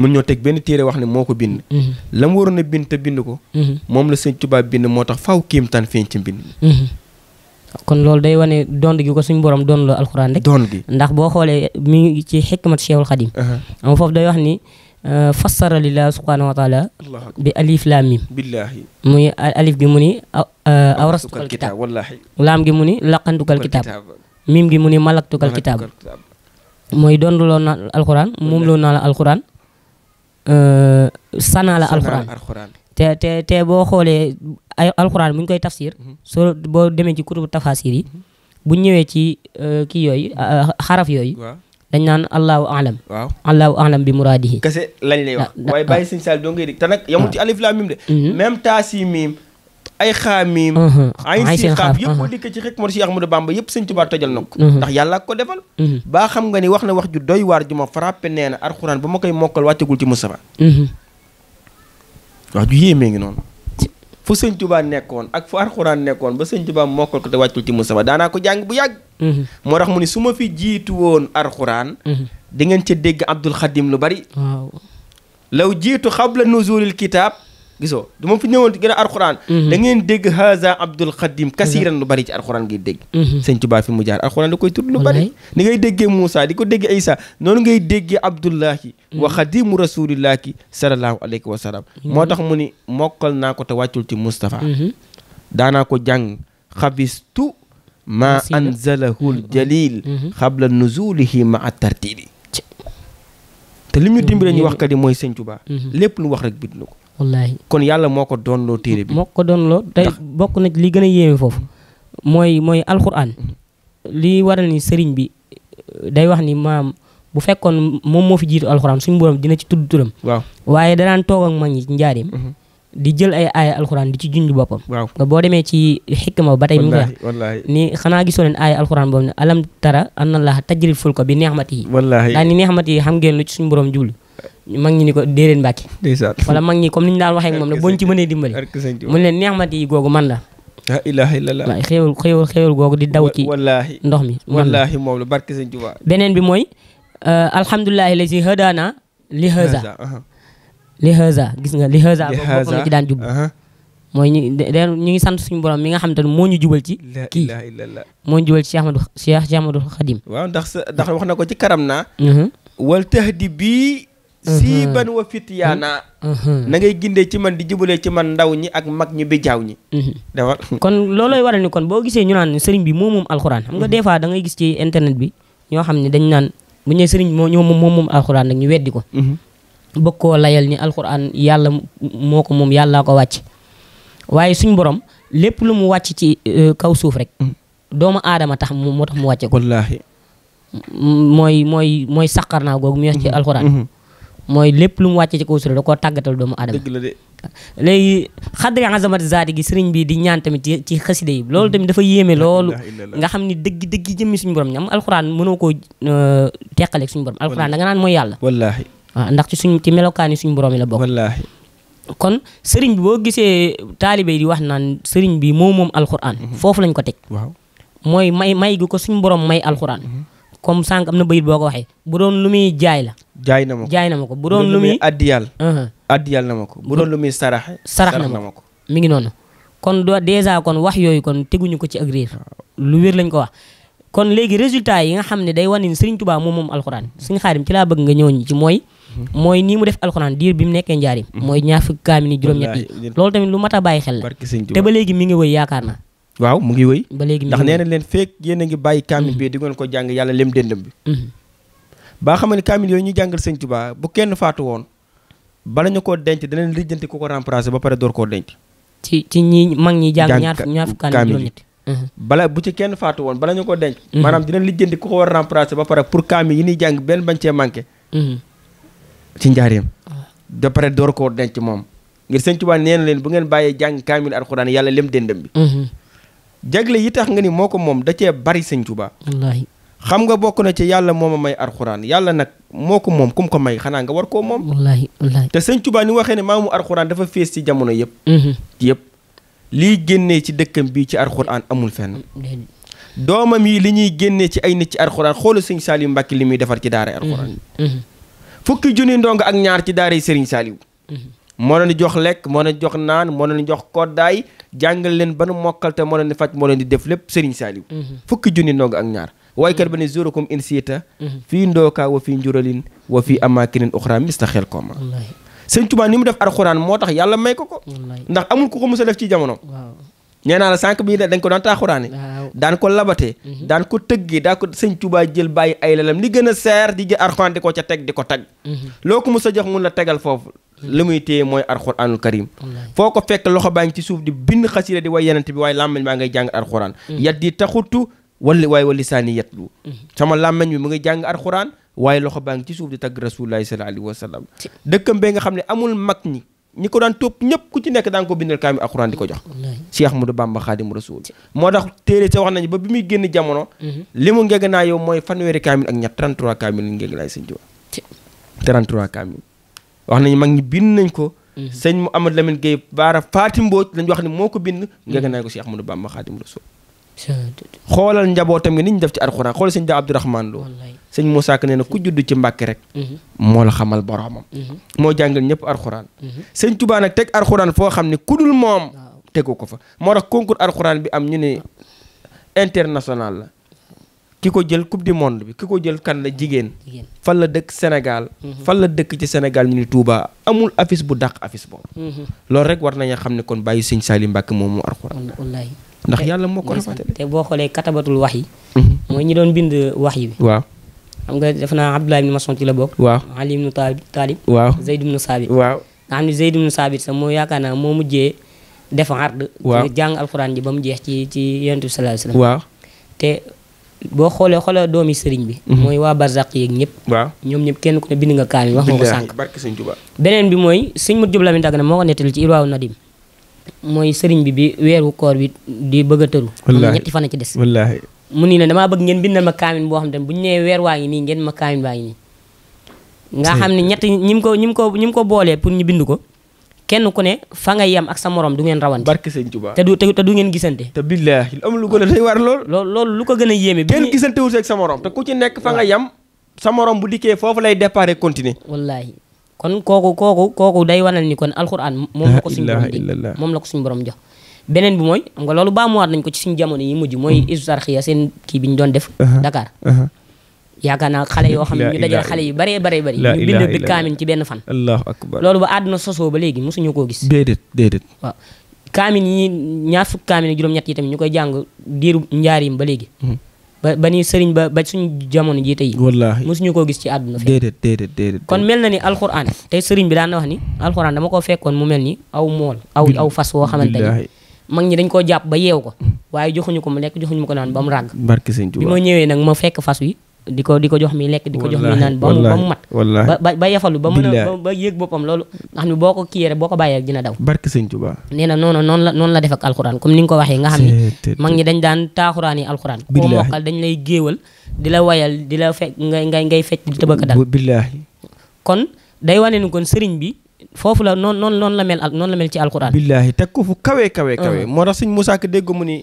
mun ñoo teg benn téere wax ne moo ko bind mhm. la mu waroon a bind te bind ko mhm. moom la sëñ Tuubaa bind moo tax faw kéemtaan feeñ ci mbind mhm. kon loolu day wane dond gi ko suñu borom doon loo alxuraan rek doon gi ndax boo xoolee mi ngi ci xikmat Cheikhul Xadim am foofu day wax ni euh, fassara lillah subhanahu wa taala bi alif laam mim muy alif gi mu ni euh, awrastukal kitaab wallaahi laam gi mu ni laqantukal gi mu ni malaktukal kitaab mooy doon loon naa alxuraan moom loon naa la alxuraan euh, sanaa la alxuraan te te te boo xoolee ay alxuraan bu ñu koy tafsir mhm. soo boo demee ci kutubu tafasir yi mhm. bu ñëwee ci euh, kii yooyu euh, xaraf yooyu dañ naan allahu alam waaw allahu alam bi muraadihi kese lañ lay wax waaye bàyyi sëñ Sall doo ngay dégg te nag yamul ci ah. alif laam mim de mhm. même taasi miim ay xaamim ayn si xaaf yëpp boo dikkee ci rek moo si Ahmadou Bamba yëpp sëñ Tuubaa na ndax yàlla ko defal baa xam nga ni wax na wax ju doy waar ju ma frappé nee na arxuraan ba ma koy mokkal wàccagul ci Moustapha wax ju yéemee ngi noonu fu sëñ Tuubaa nekkoon ak fu arxuraan nekkoon ba sëñ Tuubaa mokkal ko te wàccul ci Moustapha daanaa ko jàng bu yàgg moo tax mu ni su ma fi jiitu woon arxuraan di ngeen ca dégg Abdul Xadim lu bari waaw law jiitu xabla nuzulil kitaab gisoo du ma fi ñëwoon gën a alxuraan mhm. da ngeen dégg haza abdul xadim kasiran lu bari ci alxuraan ngay dégg mhm. sëñ Tuubaa fi mu jaar alxuraan da koy tudd lu bari ni ngay déggee Moussa di ko déggee Isa noonu ngay déggee abdullahi wa mhm. xadimu rasulillahi sallallahu alayhi wa sallam moo tax mu ni mokkal naa ko te wàccul ci Moustapha daanaa ko jàng xabistu ma anzalahul jalil xabla nuzulihi ma a tartili te lim ñu dimbale ñu wax kat yi mooy sëñ Tuubaa lépp lu wax rek bind wallaahi kon yàlla moo ko doon doonloo téere bi. moo ko doonloo tey bokk na li gën a yéeme foofu mooy mooy alxuraan mm-hmm. li waral ni sëriñ bi day wax ni maam bu fekkoon moom moo fi jiitu alxuraan suñu borom ci tudd turam. waaw waaye danaan toog ak mag mm-hmm. di jël ay aaya alxuraan di ci junj boppam. waaw boo demee ci xikma ba tey. mi ngi koy wax ni xanaa gisoo leen aaya alxuraan boobu ne alam tara anna allaha tajril a bi neexmat yi. wallaahi daal ni neexmat yi xam ngeen lu ci suñu borom jublu. mag ñi ni ko déedéet mbàkki wala mag ñi comme ni ñu daan waxee moom ne boo ñu ci mënee dimbali mu ne neexmat yi googu man la la ilaha illallah waaye xéewal xéewal xéewal googu di daw ci ndox mi la barke sëñ Tuubaa beneen bi mooy euh, li haza gis nga li haza boobu la ci daan jub mooy ñu ñu ngi sant suñu borom mi nga xam te ne moo ñu jubal ci kii moo ñu jubal ci Cheikh Ahmadou Cheikh Ahmadou Khadim waaw ndax wax na ko ci karam naa mhm. wal tahdi bii Mhm. siiban wa fityaana mhm. na ngay gindee ci man di jubalee ci man ndaw ñi ak mag ñi bi jaaw ñi mhm. dafa kon loolooy waral ni kon boo gisee ñu naan sëriñ bi moo moom alxuraan xam nga des fois da gis ci internet bi ñoo xam ne dañ naan bu ñee sëriñ moo ñoo moom moom alxuraan nag ñu weddi ko bëgg koo layal ni alxuraan yàlla moo ko moom yàllaa ko wàcc waaye suñ borom lépp lu mu wàcc ci euh, kaw suuf rek doomu aadama tax moo tax mu wàcce ko wallaahi mooy mooy mooy saqar naa googu mu ci alxuraan mooy lépp lu mu wàcce ci kaw suuf da koo tàggatal doomu aadama dëgg la de léegi xadri azamat zaati gi sëriñ bi di ñaan tamit ci ci xaside yi loolu tamit dafa yéeme loolu nga xam ni dëgg dëgg jëmmi suñu borom ñam alxuraan mënoo koo euh, teqaleeg suñu borom alxuraan da nga naan mooy yàlla wallaahi waaw ah, ndax suñ ci melokaani suñu borom yi la bokk wallaahi kon sëriñ bi boo gisee taalibe di wax naan sëriñ bi moo moom alxuraan mhm. foofu lañ ko teg waaw mooy may may gi ko suñu boroom may alxuraan mhm. comme sànq am na bayit boo ko waxee bu doon lu muy jaay la jaay na ma jaay na ma ko bu doon lu muy addiyal uh-huh. addiyal na ma ko bu doon lu muy sarax sarax na ma ko mi ngi noonu kon do dèjà kon wax yooyu kon teguñu ko ci ak réer lu wér lañ ko wax kon léegi résultat yi nga xam ne day wane ni Serigne Touba moom moom alxuraan suñu xaarim ci laa bëgg nga ñëw ci mooy uh-huh. mooy nii mu def alxuraan diir bi mu nekkee njaarim uh-huh. mooy ñaar fukki kaamil ni juróom-ñett yi loolu tamit lu mat a bàyyi xel la te ba léegi mi ngi wëy yaakaar waaw mu ngi wéy ba léegi ndax nee na leen feek yéen a ngi bàyyi kaamil mm-hmm. bi di ngeen ko jàng yàlla mm-hmm. bu kenn faatu woon bala ñu koo denc danañ lijjanti ku ko remplacer ba pare door koo denc ci ci ñi mag ñi jàng ñaar ñaar fukk kaamil yi mm-hmm. bala bu ci ko denc maanaam dinañ lijjanti a ba pare pour kaamil yi ñuy jàng benn bañ cee manqué ci njaareem ah. ba pare door koo denc moom ngir sëñ Tuubaa nee na leen bu ngeen bàyyee jàng kaamil dëndëm bi jagle yi tax nga ni moo ko moom da cee bari sëñ Tuubaa xam nga bokk na ci yàlla moo ma may alxuraan yàlla nag moo ko moom kum ko may xanaa nga war koo moom te sëñ Tuubaa ni waxee ne maamu arxuraan dafa fees ci jamono yëpp mm-hmm. yëpp lii génnee ci dëkkam bi ci arxuraan amul fenn doomam yi li ñuy génnee ci ay nit ci arxuraan xoolu sëñ Saaliw Mbàkke li muy defar ci daara arxuraan mm-hmm. mm-hmm. fukki junni ndongo ak ñaar ci daara yi sëriñ Saaliw moo leen di jox lekk moo leen di jox naan moo leen di jox koddaay jàngal leen ba nu mokkal te moo leen di faj moo leen di def lépp Serigne Saliou mhm. fukki junni ndongo ak ñaar waykat ba ne mhm. zurukum in siita mhm. fii ndookaa wa fii njuralin wa fii amaakinin uxraa mista xel ni mu def alxuraan moo tax yàlla may ko ko ndax amul ku ko mos a def ci jamono ñee naa la sànq bi dañ ko daan taaxuraane daan ko labatee daan ko tëggee daan ko sëñ Tuubaa jël bàyyi ay lalam li gën a seer di jël alxuraan di ko ca teg di ko tag loo ko mos a jox mun la tegal foofu la muy téye mooy alxuraanul karim foo ko fekk loxo baa ngi ci suuf di bind xasida di way yenante bi waaye làmmañ baa ngay jàng alxuraan mm. yat di taxuttu wala waaye wa lisaani yatlu mm. sama làmmañ bi mu ngi jàng alxuraan waaye loxo baa ngi ci suuf di tagg rasulullahi sallallahu alayhi wa sallam dëkkam bee nga xam ne amul mag ñi ñi ko daan topp ñëpp ku ci nekk daan ko bindal kaami alxuraan di ko jox Cheikh Ahmadou Bamba Xaadimu Rasuul moo tax téere sa wax nañu ba bi muy génn jamono mm-hmm. li mu ngeg naa yow mooy fanweeri kaamil ak ñett 33 kaamil li ngeg laay sëñ Tuubaa 33 kaamil wax nañu mag ñi bind nañ ko mhm. sëñ mu Amadou Lamine Gueye baara Fatim Mbodj lañu wax ne moo ko bind ngege naa ko ma Ahmadou Bamba Xaadim Rasul xoolal njabootam ngi ni ñu def ci alxuraan xool sëñ daa Abdourahman Lo sëñ Moussa Ka nee na ku juddu ci Mbàkke rek mhm. moo la xamal boroomam mhm. moo jàngal ñëpp alxuraan sëñ Tuubaa nag teg alxuraan foo xam ne ku dul moom tegu ko fa moo tax concours alxuraan bi am ñu ne international la ki ko jël coupe du monde bi ki ko jël kan la jigéen. fan la dëkk Sénégal. Mhm. fan la dëkk ci Sénégal ñu ni tuuba amul affiche bu dàq affiche boobu. Mhm. loolu rek war nañu xam ne kon bàyyi sëñ Salim Mbacke moom mu Alxuraan. ndax yàlla moo ko rafetal te boo xoolee katabatul wax yi. Mhm. mooy ñi doon bind wax yi. waaw xam nga def naa Abdoulaye ibn Mas'ud ci la bokk. waaw Ali ibn Talib. waaw Zayd ibn Sabit. waaw nga xam ne Zayd ibn Sabit sax moo yaakaar naa moo mujjee def ard. waaw jàng alxuraan ji ba mu jeex ci ci yonent bi sallallahu alayhi wasallam. boo xoolee xoolee doomi sëriñ bi mhm. mooy waa barzaq yeeg ñëpp ñoom ñëpp kenn ku ne bind nga kaamil wax nga ko sànq beneen bi mooy sëñ Modou Diop Lamine Dagana moo ko nettali ci Irwaaw Nadim mooy sëriñ bi bi weeru koor bi di bëgg a tëru ñetti a ci des wallaahi mu nii ne damaa bëgg ngeen bindal ma kaamil boo xam ne bu ñu nee weer waa ngi nii ngeen ma kaamil baa ngi nii nga xam ne ñett ñi ko ñi mu ko ñi ko boolee pour ñu bind ko kenn ku ne fa nga yem ak sa morom du ngeen rawante. barke sëñ Tuba te du te du ngeen gisante. te billaahi amul lu gën a day war lool. loolu lu ko gën a yéeme. bi morom. te ku ci fa nga yem sa morom bu dikkee foofu lay déparé continuer. wallaahi kon kooku kooku kooku day wanal ni kon alxuraan. moom la ko suñu borom moom la ko suñu borom jox. beneen bi mooy xam nga loolu baamuwaat nañ ko ci suñ jamono yi mujj mooy uh-huh. isu sarxiya seen kii bi ñu doon def. Uh-huh. Dakar. Uh-huh. yaakaar naa xale yoo xam ne ñu dajal xale yu bare bare bari ñu bind bi kaamin ci benn fan allahu loolu ba àdduna sosoo ba léegi mosuñu koo gis déedéet déedéet waaw kaamin yi ñaar fukk kaamin ak juróom ñu koy jàng diiru njaarim ba léegi hmm. ba ba ni sëriñ ba ba suñu jamono jii tey wallaahi mosuñu koo gis ci àdduna fi déedéet déedéet kon mel na ni alxuraan tey sëriñ bi daan na wax ni alxuraan dama koo fekkoon mu mel ni aw mool aw aw fas woo xamante ni mag ñi dañ koo jàpp ba yeew ko waaye joxuñu ko mu lekk joxuñu ko naan ba mu ràgg bi ma ñëwee nag ma fekk fas wi di ko di ko jox mi lekk di ko jox mi naan ba mu ba mu mat ba ba yafalu ba mën a ba yéeg boppam loolu nga xam ne boo ko kiiyee boo ko bàyyee rek dina daw barke sëñ Tuba nee na noonu noonu la noonu la def ak alxuraan comme ni nga ko waxee nga xam dañ daan taaxuraan yi alxuraan koo mokkal dañ lay géewal di la wayal di la fekk ngay ngay ngay fecc di tëbëkk dal billaahi kon day wane ni kon sëriñ bi foofu la noonu noonu noonu la mel noonu la mel ci alxuraan billaahi teg ko fu kawe kawe kawe uh-huh. moo tax sëñ Moussa Ka dégg mu ni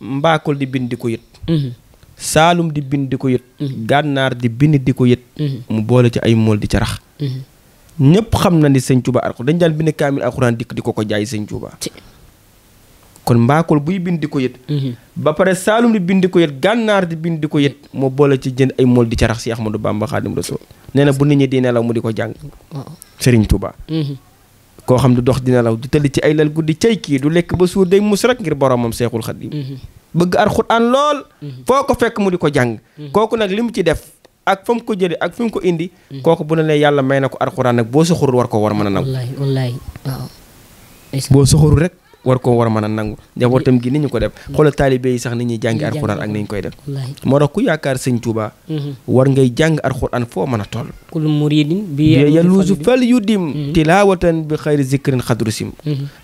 mbaakul di bind di ko yët mm-hmm. saalum di bind di ko yët gànnaar di bind di ko yët mu boole ci ay mool di ca rax ñëpp xam na ni sañ Tuuba alxuraan dañ daan bind kaamil alxuraan dikk di ko ko jaay sëñ Tuuba kon mbaakol buy bind di ko yët ba pare saalum di bind di ko yët gànnaar di bind ko yët moo boole ci jënd ay mool di carax ca rax si Ahmadou Bamba Xaadim Rasul nee na bu nit ñi di nelaw mu di ko jàng sëriñ Tuuba mhm. koo xam du dox di nelaw di tëdd ci ay lal guddi cay kii du lekk ba suur day mus rek ngir boromam Seexul Xaadim mhm. bëgg alxuraan lool mhm. foo ko fekk mu di ko jàng mhm. kooku nag li mu ci def ak fa mu ko jëlee ak fi mu ko indi mhm. kooku bu ne lee yàlla may na ko alxuraan nag boo soxorul war koo war mën a nangu wallaay waaw boo soxorul rek war koo war mën a nangu njabootam gi ni ñu ko def xoolal taalibe yi sax ni ñuy jàngi alxuraan ak ni ñu koy def moo tax ku yaakaar sëñ Tuuba war ngay jàng alxuraan foo mën a toll kul muridin bi yaluusu fal yu dim tilaawatan bi xayri zikrin xadrusim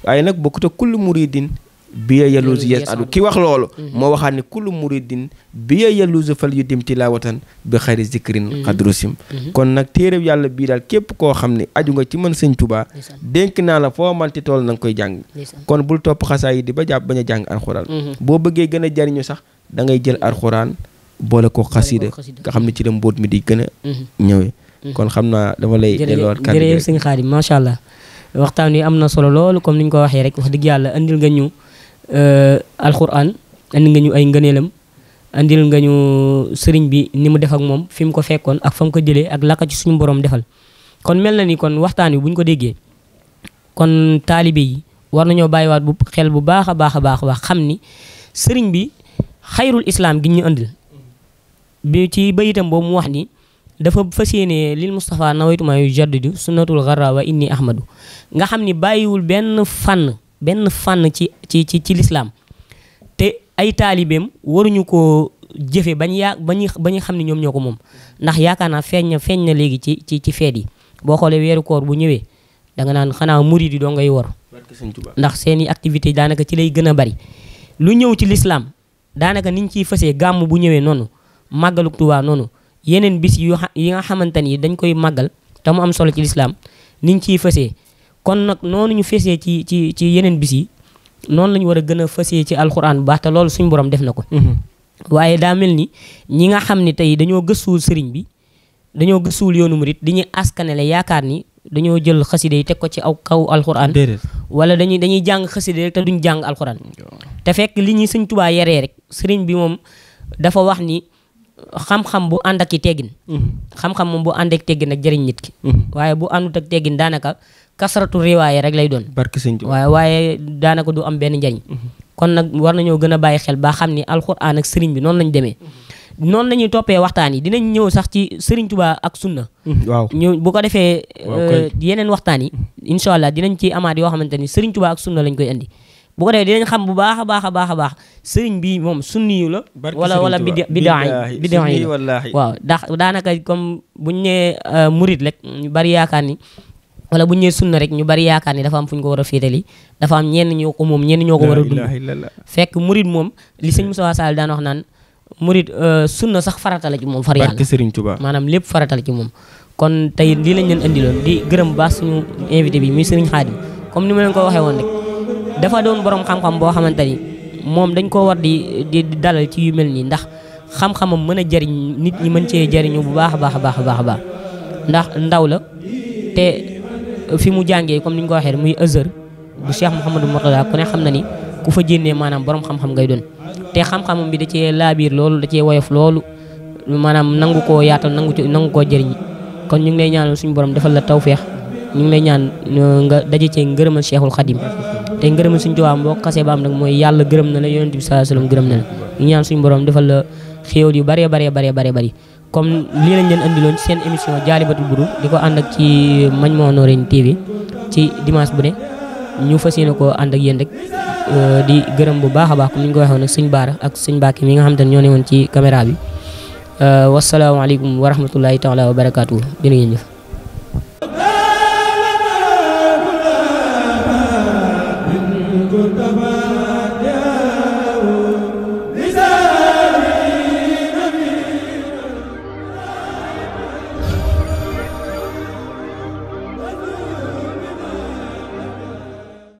waaye nag ko ak kul muridin biya yaluusu yes adu ki wax loolu mhm. moo waxaat ne kullu muridin biya yaluusu fal yu dim tilaawatan bi xayri zikrin xadrusim mhm. mhm. kon nag téereb yàlla bii daal képp koo xam ne aju nga ci mën sëñ Tuubaa dénk naa la foo manti tool na nga koy jàng kon bul topp xasaa yi di ba jàpp bañ a jàng alxuraan boo bëggee gën a jariñu sax da ngay jël alxuraan boole ko xasida nga xam ne ci la mbóot mi di gën a ñëwee kon xam naa dama lay delluwaat kàddu jërëjëf sëñ Xaadim allah na solo loolu comme ni ñu ko waxee rek wax Euh, alxuraan andi nga ñu ay ngëneelam andil nga ñu sëriñ bi ni mu def moom fi mu ko fekkoon ak fa mu ko jëlee ak laka ci suñu borom defal kon mel na ni kon waxtaan wi bu ñu ko déggee kon taalibe yi war nañoo bàyyiwaat bu xel bu baax a baax a baax wax xam ni sëriñ bi xayrul islaam gi ñu andil bi ci bayitam boobu mu wax ni dafa fas yéene lil Moustapha nawaytu ma yu jaddidu sunnatul garra wa inni ahmadu nga xam ni bàyyiwul benn fànn benn fànn ci ci ci ci lislaam te ay taalibeem waruñu ko jëfe bañ yaa bañu ba xam ne ñoom ñoo ko moom ndax yaakaar naa feeñ na feeñ na léegi ci ci ci feet yi boo xoolee weeru koor bu ñëwee danga nga naan xanaa murid yi doo ngay wor ndax seeni activité daanaka ci lay gën a bari lu ñëw ci lislaam daanaka niñ ciy fësee gàmm bu ñëwee noonu màggalu Tuubaa noonu yeneen bis yu yi nga xamante ni dañ koy màggal te mu am solo ci lislaam niñ ciy fësee kon nag noonu ñu fesee ci ci ci yeneen bis noonu lañu war a gën a fesee ci alxuraan bu baax te loolu suñ boroom def na ko. Mm-hmm. waaye daa mel ni ñi nga xam ne tey dañoo gëstuwul sëriñ bi dañoo gëstuwul yoonu murit di ñuy askanale yaakaar ni dañoo jël xaside yi teg ko ci aw kaw alxuraan. wala dañuy dañuy jàng xaside rek te duñ jàng alxuraan. te fekk li ñuy sëñ Tuubaa yaree rek sëriñ bi moom dafa wax ni. xam-xam bu ànd ak i teggin mm-hmm. xam-xam moom bu ànd ak teggin ak jëriñ nit ki mm-hmm. kasaratu riwaaye rek lay doon waaw waaye daanaka du am benn njariñ mhm. kon nag war nañoo gën a bàyyi xel ba xam ni alxuraan ak sëriñ bi noon lañ demee mhm. noonu la ñuy toppee waxtaan yi dinañ ñëw sax ci sëriñ Tuubaa ak sunna mhm, waaw ñu bu ko defee euh, yeneen waxtaan yi incha allah dinañ ci amaat yoo xamante ni sëriñ Tuubaa ak sunna lañ koy indi bu ko defee xam bu baax a baax a baax a baax sëriñ bi moom sunni yu la wala wala bid bidaa bidaa yi waaw ndax daanaka comme bu buñ nee euh, murit rek ñu bari yaakaar ni wala bu ñu nee sunna rek ñu bari yaakaar ni dafa am fu ñu ko war a féetali dafa am ñenn ñoo ko moom ñenn ñoo ko war a dund fekk murid moom li sëñ Moussa Sall daan wax naan murid euh, sunna sax farata ci moom far yàlla barke Serigne Touba maanaam lépp farata ci moom kon tey lii lañ leen indiloon di gërëm baax suñu invité bi muy Serigne Khadim comme ni ma leen ko waxee woon rek dafa doon borom xam-xam boo xamante ni moom dañ koo war di di dalal ci yu mel nii ndax xam-xamam mën a jariñ nit ñi mën cee jariñu bu baax a baax a baax a baax ndax ndaw la fi mu jàngee comme ni ñu ko waxee muy Azhar bu Cheikh Mouhamadou Mourtada ku ne xam na ni ku fa jénnee maanaam borom xam-xam ngay doon te xam-xamam bi da cee laabiir loolu da cee woyof loolu maanaam nangu koo yaatal nangu ci nangu koo jëriñ kon ñu ngi lay ñaanal suñu borom defal la tawféex ñu ngi lay ñaan euh, nga daje cee ngërëmal Cheikhul Khadim te ngërëmal suñu tubaab boo xasee ba nag mooy yàlla gërëm na la yonent bi sallallahu alayhi wasallam gërëm na la ñu ñaan suñu borom defal la xéewal yu bare bare bare bare bari comme lii lañ leen andiloon ci seen émission Dialibatoul Boudour di ko ànd ak ci Majmahun Nurayni TV ci dimaas bu ne ñu fas yéene koo ànd ak yéen rek euh, di gërëm bu baax a baax ni ñu ko waxee woon ak sëñ Baara ak sëñ Mbàkke mi nga xam te ne ñoo ne woon ci caméra bi euh, wasalaamaaleykum wa rahmatullahi taala wa barakaatu jërë ngeen jëf